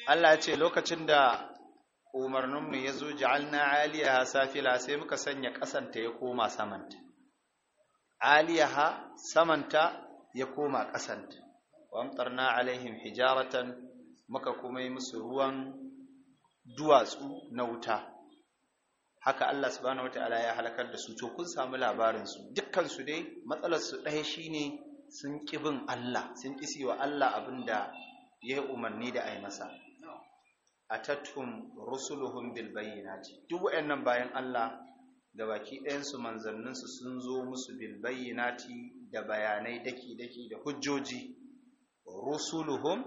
Allah ya ce lokacin da umarninmu ya zo ja'alna aliyaha safila sai muka sanya ƙasanta ya koma samanta aliyaha samanta ya koma ƙasanta wamtarna alaihim hijaratan muka kuma yi musu ruwan duwatsu na wuta haka Allah subhanahu wata'ala ya halakar da su to kun samu labarinsu dukkansu dai matsalar su ɗaya shine sun ƙi Allah sun ƙi wa Allah abin da ya yi umarni da a yi masa Atatum rusuluhum bil bayyinati duk wayannan bayan Allah gabaki ɗayan su manzannin su sun zo musu bil bayyinati da bayanai daki daki da hujjoji rusuluhum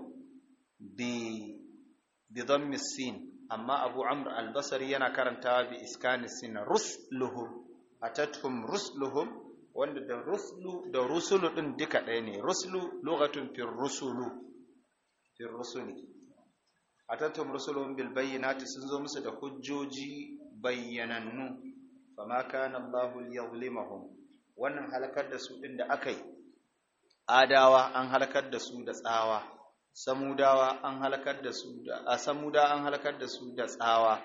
bi bi dhammi sin amma Abu Amr al-Basri yana karantawa bi iskani sin rusuluhum atatum rusuluhum wanda da ruslu da rusulu din duka ɗaya ne ruslu lokacin fir rusulu a tattun rusulun ta sun zo musu da hujjoji bayyanannu fama kana Allahu liyazlimahum wannan halakar da su din da akai adawa an halakar da su da tsawa samudawa an halakar da su da samuda an halakar da su da tsawa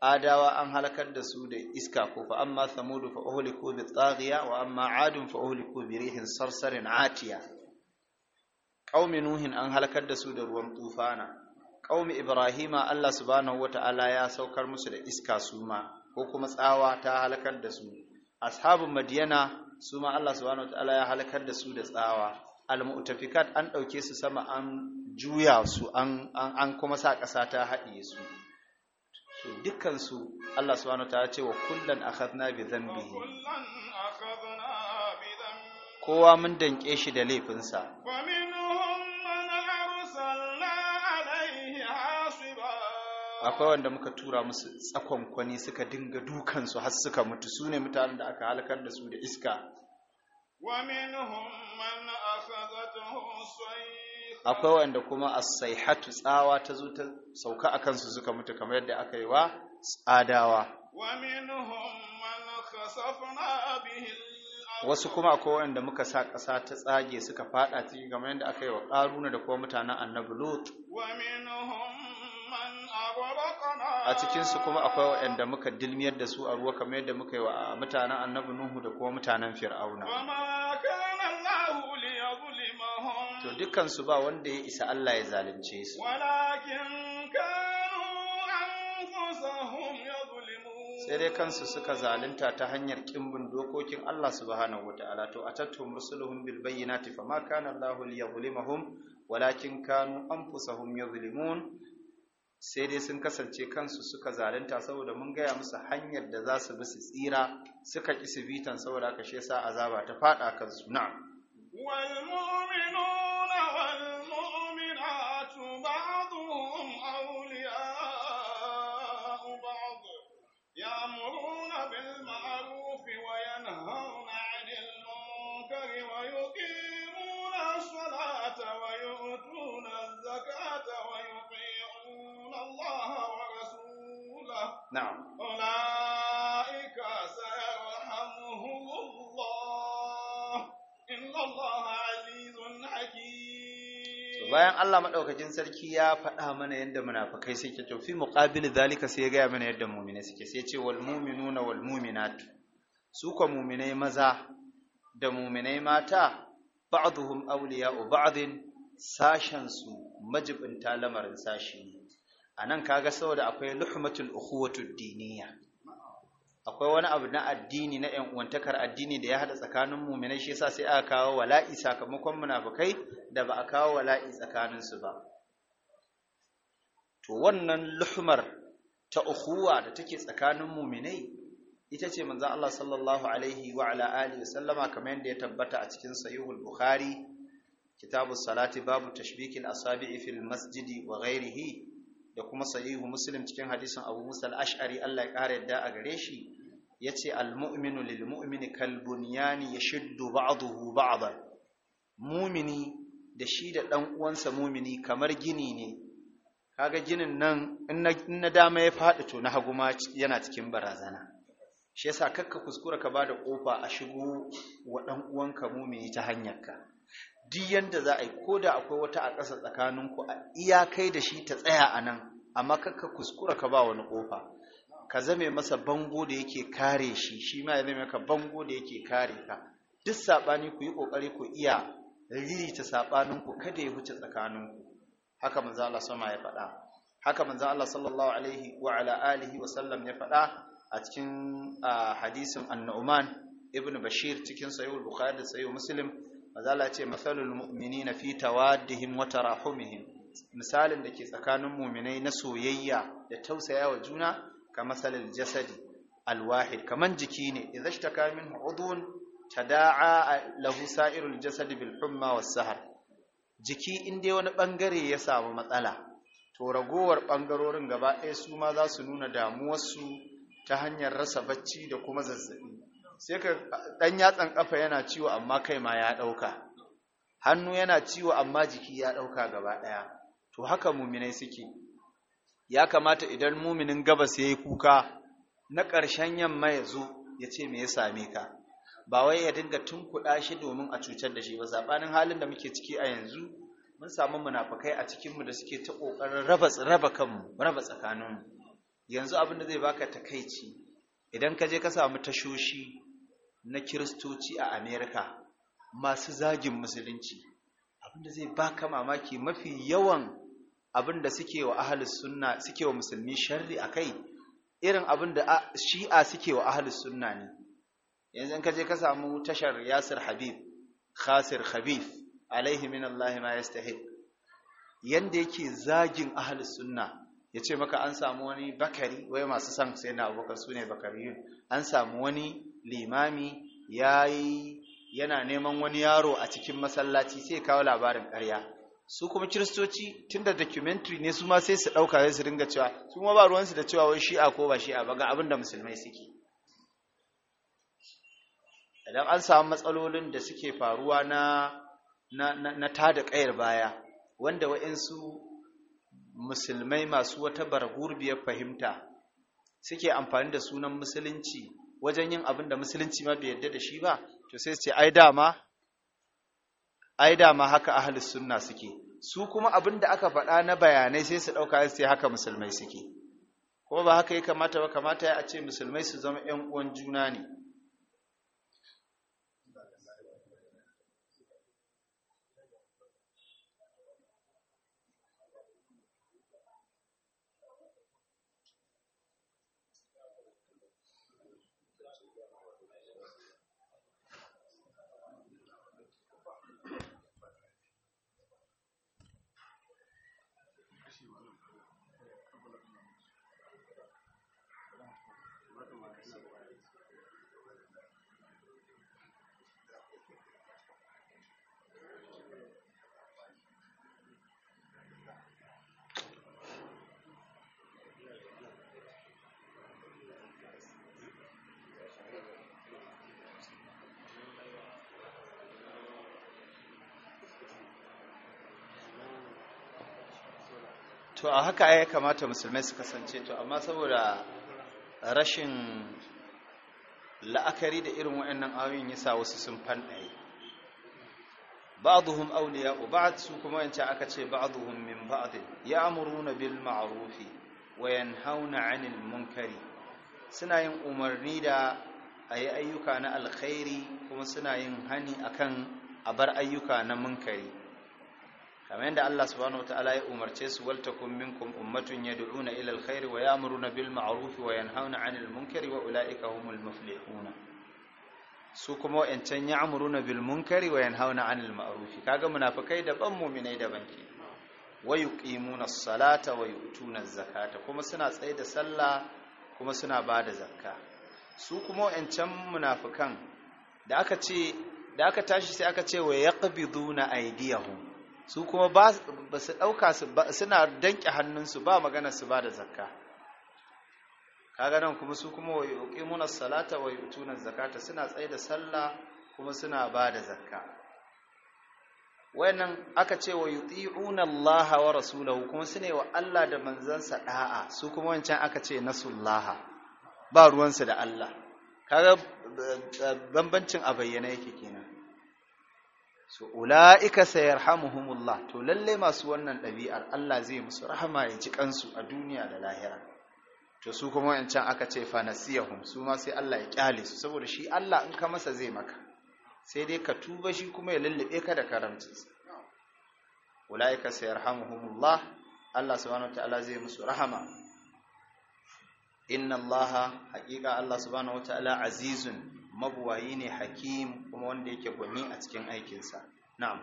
adawa an halakar da su da iska ko fa amma samudu fa uhliku bi taghiya wa amma adun fa uhliku bi rihin sarsarin atiya qaumi nuhin an halakar da su da ruwan tufana qaumi ibrahima Allah subhanahu wata'ala ya saukar musu da iska suma ko kuma tsawa ta halakar da su ashabun madiyana suma Allah subhanahu wata'ala ya halakar da su da tsawa almu'tafikat an ɗauke su sama an juya su an kuma sa ƙasa ta haɗiye su to dukkan su Allah subhanahu wata'ala ce wa kullan akhadna bi dhanbihi kowa mun danke shi da laifinsa akwai wanda muka tura musu tsakon kwani suka dinga dukansu har suka mutu su ne mutanen da aka halakar da su da iska akwai wanda kuma sai saihatu tsawa ta zo ta sauka akan su suka mutu kamar yadda aka yi wa tsadawa wasu kuma akwai wanda muka sa ƙasa ta tsage suka fada ciki kamar yadda aka yi wa ƙaruna da kuma mutanen annabi lut a cikinsu kuma akwai waɗanda muka dilmiyar da su a ruwa kamar yadda muka yi wa mutanen annabi nuhu da kuma mutanen fir'auna to dukansu ba wanda ya isa allah ya zalunce su sai dai kansu suka zalunta ta hanyar kimbin dokokin Allah subhanahu wata'ala to a tattu rusuluhum bil bayyinati ma kana Allahu liyadhlimahum walakin kanu anfusahum yuzlimun sai dai sun kasance kansu suka zalunta saboda mun gaya musu hanyar da za su bi tsira suka ƙi su bitan saboda kashe sa azaba ta faɗa kansu na'am na'am bayan Allah madaukakin sarki ya faɗa mana yadda munafikai suke to fi muqabil zalika sai ya ga mana yadda mu'mina suke sai ce wal mu'minuna wal mu'minat su ko mu'minai maza da mu'minai mata ba'dhum awliya'u ba'din sashen su majibinta lamarin sashi ne a nan ka ga saboda akwai luhmatul ukhuwatud diniya akwai wani abu na addini na ƴan uwantakar addini da ya hada tsakanin mu'minai shi yasa sai aka kawo wala'i sakamakon munafikai da ba a kawo wala'i tsakanin su ba to wannan luhmar ta ukhuwa da take tsakanin mu'minai ita ce manzo Allah sallallahu alaihi wa ala alihi sallama kamar yadda ya tabbata a cikin sahihul bukhari kitabu salati babu tashbikil asabi'i fil masjidi wa ghairihi da kuma sahihu muslim cikin hadisin abu musa al’ashari ashari Allah ya ƙara yadda a gare shi yace al-mu'minu lilmumini mu'mini ya shiddu yashuddu ba'dahu mu'mini da shi da ɗan'uwansa uwansa mu'mini kamar gini ne kaga ginin nan in na dama ya faɗi to na haguma yana cikin barazana shi yasa kakka kuskura ka ba da kofa a shigo wa ɗan'uwanka uwanka mu'mini ta hanyarka duk yadda za a yi ko da akwai wata a ƙasa tsakaninku a iya da shi ta tsaya a nan amma kakka kuskura ka ba wani ƙofa ka zame masa bango da yake kare shi shi ma ya zame ka bango da yake kare ka duk saɓani ku yi ƙoƙari ku iya ririta saɓaninku kada ya huce tsakaninku haka manzo Allah sama ya faɗa haka manzo Allah sallallahu alaihi wa ala alihi wa sallam ya faɗa a cikin ah, hadisin annuman ibnu Bashir cikin Sahih Bukhari da Sahih Muslim mazala ce masalul mu'minina fi fita wa rahumihim misalin da ke tsakanin mu'minai na soyayya da wa juna ka masalil jasadi alwahid kaman jiki ne idza kamin minhu ta tada'a lahu sa'irul jasadi bil humma was sahar jiki inda wani bangare ya samu matsala to ragowar bangarorin gaba ɗaya su ma za su nuna damuwarsu ta hanyar rasa bacci da kuma zazzabi sai ka ɗan yatsan kafa yana ciwo amma kai ma ya ɗauka hannu yana ciwo amma jiki ya ɗauka gaba ɗaya to haka muminai suke ya kamata idan muminin gabas ya yi kuka na ƙarshen yamma ya zo ya ce me ya same ka ba wai ya dinga kuɗa shi domin a cutar da shi ba Zabanin halin da muke ciki a yanzu mun samu munafukai a cikinmu da suke ta ƙoƙarin raba raba kanmu raba tsakaninmu yanzu abin da zai baka takaici idan ka je ka samu tashoshi na kiristoci a amerika masu zagin musulunci abinda zai baka mamaki mafi yawan abinda suke wa ahalus sunna suke wa musulmi sharri kai, irin abinda shi'a suke wa ahalus sunna ne yanzu in ka je ka samu tashar yasir habib khasir Habib, alaihi min Allah ma yastahiq yanda yake zagin ahalus sunna ya ce maka an samu wani bakari wai masu san sai na abubakar su ne bakariyun an samu wani limami yayi yana neman wani yaro a cikin masallaci sai kawo labarin ƙarya su kuma kiristoci tunda documentary ne su ma sai su ɗauka sai su dinga cewa su ma ba ruwansu da cewa wai shi'a ko ba shi'a ba ga abin da musulmai suke idan an samu matsalolin da suke faruwa na na na tada ƙayar baya wanda wa'insu musulmai masu wata bargurbiyar fahimta suke amfani da sunan musulunci wajen yin abin da musulunci ma bai yarda da shi ba to sai su ce ai dama ai dama haka ahlus sunna suke su kuma abin da aka faɗa na bayanai sai su ɗauka sai haka musulmai suke ko ba haka ya kamata ba kamata ya ce musulmai su zama ƴan uwan juna ne to a haka ya kamata musulmai su kasance to amma saboda rashin la'akari da irin waɗannan ayoyin yasa wasu sun fanɗaye ba'dhum awliya'u ba'd su kuma yanci aka ce ba'dhum min ba'd ya'muruna bil ma'rufi wa yanhauna 'anil munkari suna yin umarni da yi ayyuka na alkhairi kuma suna yin hani akan abar ayyuka na munkari kamar yadda Allah subhanahu wataala ya umarce su waltakum minkum ummatun yad'una ila alkhair wa ya'muruna bil ma'ruf wa yanhauna 'anil munkari wa ulaika humul muflihun su kuma wayancan ya'muruna bil munkari wa yanhauna 'anil ma'ruf kaga munafikai daban mu'minai daban ke wa yuqimuna as-salata wa yu'tuna az-zakata kuma suna tsaye da sallah kuma suna bada zakka su kuma wayancan munafikan da aka ce da aka tashi sai aka ce wa yaqbiduna aydiyahum su kuma ba su ɗauka suna danƙe hannunsu ba magana su ba da zakka kaga nan kuma su kuma wayo yuqimuna salata wa yu'tuna zakata suna tsaye da sallah kuma suna ba da zakka wayannan aka ce wa yuti'una Allah wa rasulahu kuma su wa Allah da manzansa da'a su kuma wancan aka ce nasullaha ba ruwansu da Allah kaga eh, eh, bambancin a bayyana yake kenan su ula'ika sayarhamuhumullah to lalle masu wannan ɗabi'ar Allah zai musu rahama ya ji kansu a duniya da lahira to su kuma wancan aka ce fanasiyahum su ma sai Allah ya kyale su saboda shi Allah in ka masa zai maka sai dai ka tuba shi kuma ya lullube ka da karamcinsa ula'ika sayarhamuhumullah Allah subhanahu ta’ala zai musu rahama inna Allah haƙiƙa Allah subhanahu ta’ala azizun mabuwayi ne hakim kuma wanda yake gwani a cikin aikinsa na'am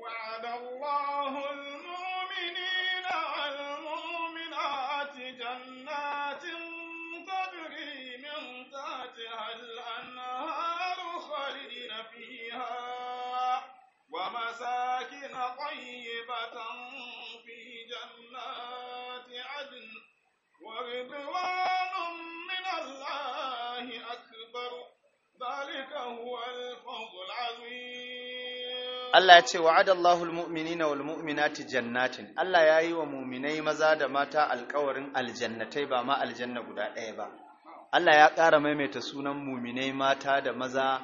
wa'ada Allahu al-mu'minina wal-mu'minati jannatin tajri min tahtiha al-anharu khalidina fiha wa masaa Allah ya ce wa'ada Allahul na wal ti jannatin Allah ya yi wa muminai maza da mata alkawarin aljannatai ba ma aljanna guda ɗaya ba Allah ya ƙara maimaita sunan muminai mata da maza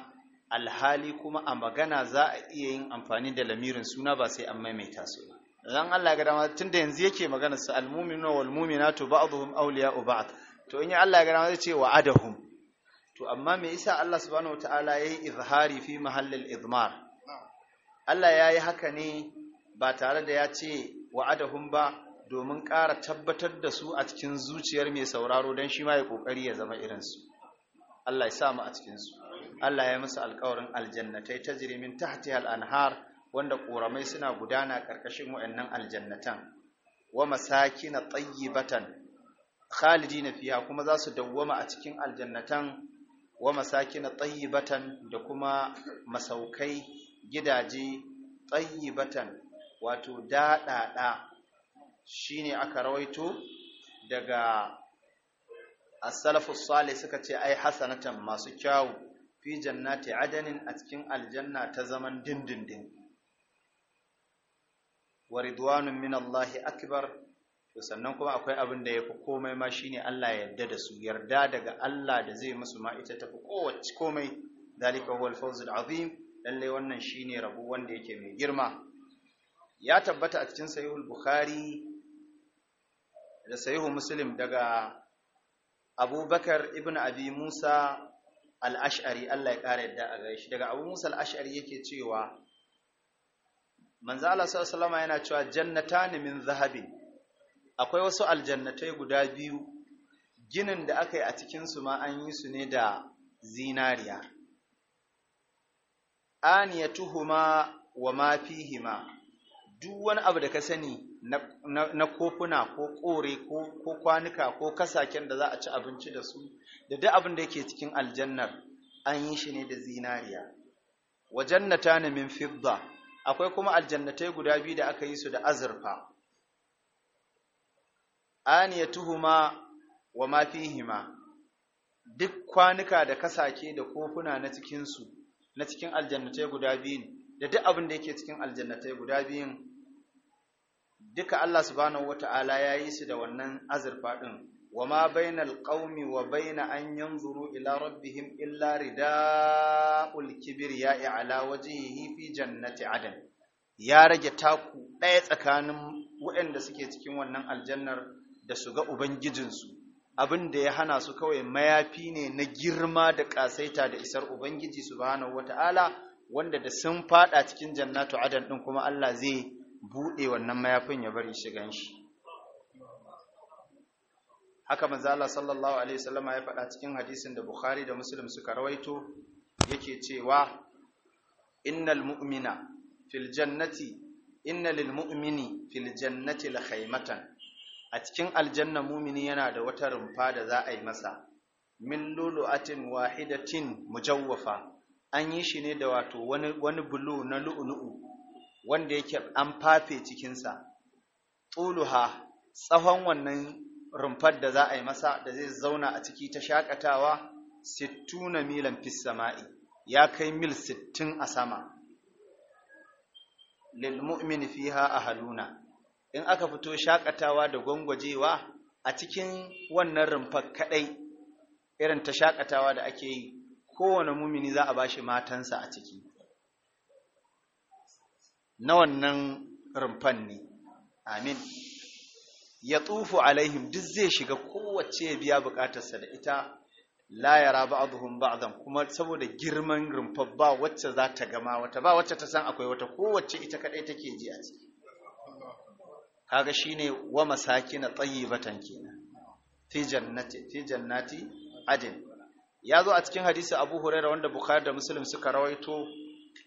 alhali kuma a magana za a iya yin amfani da lamirin suna ba sai an maimaita su zan Allah ga dama tunda yanzu yake magana su almu'minu wal auliya ba'dhum awliya'u ba'd to in ya Allah ga dama zai ce wa'adahum to amma me yasa Allah subhanahu wataala yi izhari fi mahallil idmar Allah yayi haka ne ba tare da ya ce wa'adahum ba domin ƙara tabbatar da su a cikin zuciyar mai sauraro don shi ma ya ƙoƙari ya zama irin su. Allah ya sa mu a cikinsu Allah ya musu alƙawarin aljannatai ta jirimin tahti anhar wanda ƙoramai suna gudana ƙarƙashin wa'annan aljannatan wa masakin na khalidina khalidi na kuma za su dawwama a cikin aljannatan wa masakin tayyibatan da kuma masaukai gidaje tayyibatan wato daɗaɗa shine aka rawaito daga as-salafus salih suka ce ai hasanatan masu kyawu fi jannati adanin a cikin aljanna ta zaman dindindin wa ridwanun min Allah akbar to sannan kuma akwai abin da ya fi komai ma shine Allah ya yarda da su yarda daga Allah da zai musu ma ita tafi kowace komai dalika huwal fawzul azim lalle wannan shine rabu wanda yake mai girma ya tabbata a cikin sahihul bukhari da sahihu muslim daga Abu Bakar ibn abi musa al-ash'ari Allah ya kare yadda a gaishe daga abu musa al-ash'ari yake cewa manzo Allah sallallahu alaihi wasallam yana cewa jannatan min zahabin akwai wasu aljannatai guda biyu ginin da aka yi a cikinsu ma an yi su ne da zinariya tuhuma wa ma duk wani abu da ka sani na kofuna ko kore ko kwanuka ko kasaken da za a ci abinci da su da duk abin da yake cikin aljannar an yi shi ne da zinariya wa jannata min fidda akwai kuma aljannatai guda biyu da aka yi su da azurfa aniyatuhuma wa ma fihima duk kwanuka da kasake da kofuna na cikin su na cikin aljannatai guda biyun da duk abin da yake cikin aljannatai guda biyun duka Allah subhanahu wata'ala ya yi su da wannan azurfa din wa ma bainal qaumi wa baina an yanzuru ila rabbihim illa ridaul kibriya'i ala wajhihi fi jannati adan ya rage taku ɗaya tsakanin waɗanda suke cikin wannan aljannar da su ga ubangijinsu abin da ya hana su kawai mayafi ne na girma da ƙasaita da isar ubangiji subhanahu wata'ala wanda da sun fada cikin jannatu adan ɗin kuma Allah zai buɗe wannan mayafin ya bari shigan shi haka Mazala sallallahu alaihi wasallama ya faɗa cikin hadisin da Bukhari da Muslim suka rawaito yake cewa innal mu'mina fil jannati inna mu'mini fil jannati la khaymatan a cikin aljanna mumini yana da wata rumfa da za a yi masa min lulu'atin wahidatin mujawwafa an yi shi ne da wato wani wani bulu na lu'ulu'u wanda yake an fafe cikinsa tuluha tsawon wannan rumfar da za a yi masa da zai zauna a ciki ta shakatawa sittuna milan fis sama'i ya kai mil sittin a sama lil mu'min fiha ahluna in aka fito shakatawa da gwangwajewa a cikin wannan rumfar kadai irin ta shakatawa da ake yi kowane mumini za a ba shi matansa a ciki na wannan rumfan ne amin ya tsufu alaihim duk zai shiga kowace biya bukatarsa da ita la yara ba'dhum ba'dhan kuma saboda girman rumfar ba wacce za ta gama wata ba wacce ta san akwai wata kowace ita kadai take ji a ciki kaga shine wa masakin tayyibatan kenan fi jannati fi jannati adin ya zo a cikin hadisi Abu Hurairah wanda Bukhari da Muslim suka rawaito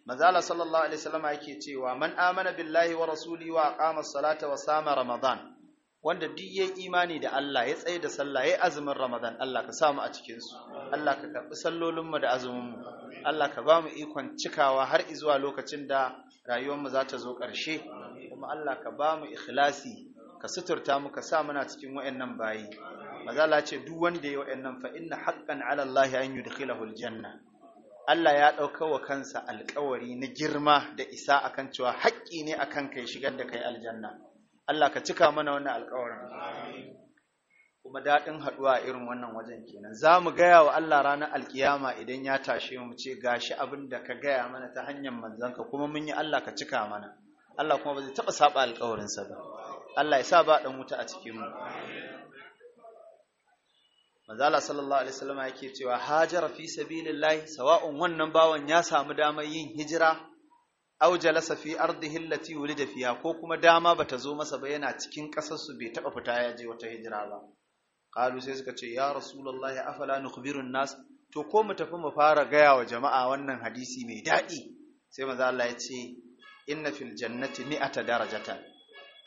Mazala sallallahu alaihi wasallam yake cewa man amana billahi wa rasuli wa aqama as-salata wa sama ramadan wanda duk ya imani da Allah ya tsaye da sallah ya azumin Ramadan Allah ka samu a cikinsu. su Allah ka karbi sallolinmu da azumin mu Allah ka ba mu ikon cikawa har zuwa lokacin da rayuwar mu za ta zo ƙarshe kuma Allah ka ba mu ikhlasi ka suturta mu ka sa muna cikin wayannan bayi mazala ce duk wanda ya wayannan fa inna haqqan ala Allah an yudkhilahu aljanna Allah ya ɗauka wa kansa alƙawari na girma da isa akan cewa haƙƙi ne akan kai shigar da kai aljanna Allah ka cika mana wannan alƙawarin kuma daɗin haɗuwa a irin wannan wajen kenan za mu gaya wa Allah ranar alkiyama idan ya tashe mu ce gashi abin da ka gaya mana ta hanyar manzanka kuma mun yi Allah ka cika mana Allah kuma ba zai taɓa saɓa sa ba Allah ya sa ba ɗan wuta a cikin mu manzala sallallahu alaihi wasallam yake cewa hajara fi sabilillahi sawa'un wannan bawan ya samu damar yin hijira au jalasa fi ardihi allati wulida fiha ko kuma dama bata zo masa ba yana cikin kasar su bai taba fita ya je wata hijira ba qalu sai suka ce ya rasulullahi afala nukhbiru nas to ko mu tafi mu fara gaya wa jama'a wannan hadisi mai daɗi sai maza Allah ya ce inna fil jannati mi'ata darajatan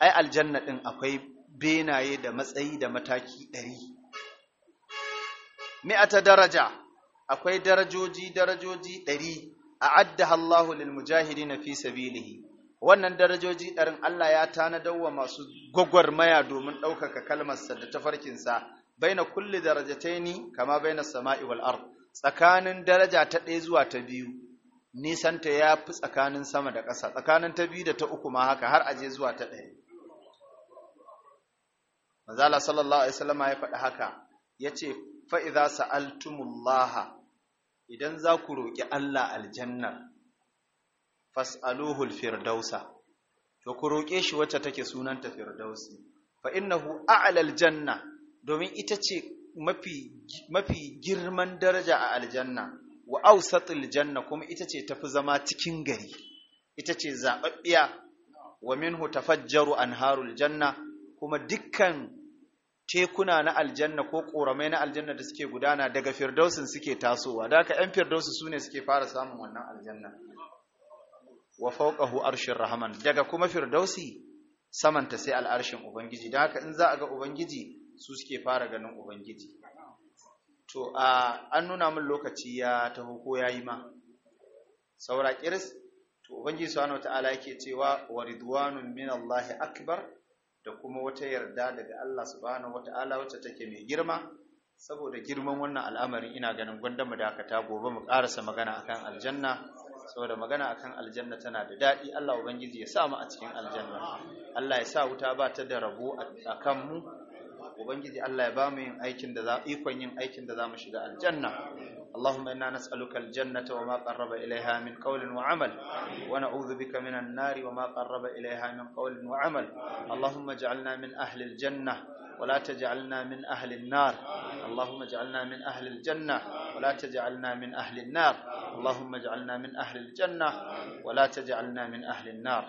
ai aljanna din akwai benaye da matsayi da mataki 100 mi'ata daraja akwai darajoji darajoji a'addaha Allahu lil mujahidin fi sabilihi wannan darajoji ɗarin Allah ya tanadar wa masu gwagwarmaya domin ɗaukaka kalmarsa da tafarkinsa baina kulli darajataini kama baina sama'i wal ard tsakanin daraja ta ɗaya zuwa ta biyu nisan ta ya fi tsakanin sama da ƙasa tsakanin ta biyu da ta uku ma haka har aje zuwa ta ɗaya manzala sallallahu alaihi wasallama ya faɗi haka yace fa idza sa'altumullaha idan za ku roƙi Allah aljannar fas'aluhul firdausa to ku roƙe shi wacce take sunanta firdausi fa innahu a'lal janna domin ita ce mafi mafi girman daraja a aljanna wa awsatul janna kuma ita ce tafi zama cikin gari ita ce zababbiya wa minhu tafajjaru anharul janna kuma dukkan tekuna na aljanna ko ƙoramai na aljanna da suke gudana daga firdausin suke tasowa da haka 'yan firdausi su ne suke fara samun wannan aljanna wa hu, arshin rahman daga kuma firdausi samanta sai al'arshin ubangiji da haka in za a ga ubangiji su suke fara ganin ubangiji to a an nuna min lokaci ya taho ko yi ma saura kiris to ubangiji subhanahu ala yake cewa wa ridwanun minallahi akbar da kuma wata yarda daga Allah subhanahu wata'ala wacce take mai girma saboda girman wannan al'amarin ina ganin gwanda mu dakata gobe mu karasa magana akan aljanna saboda magana akan aljanna tana da daɗi Allah ubangiji ya sa mu a cikin aljanna Allah ya sa wuta ba ta da rabo akan mu ubangiji Allah ya ba mu yin aikin da za ikon yin aikin da za mu shiga aljanna اللهم إنا نسألك الجنة وما قرب إليها من قول وعمل ونعوذ بك من النار وما قرب إليها من قول وعمل اللهم اجعلنا من أهل الجنة ولا تجعلنا من أهل النار اللهم اجعلنا من أهل الجنة ولا تجعلنا من أهل النار اللهم اجعلنا من أهل الجنة ولا تجعلنا من أهل النار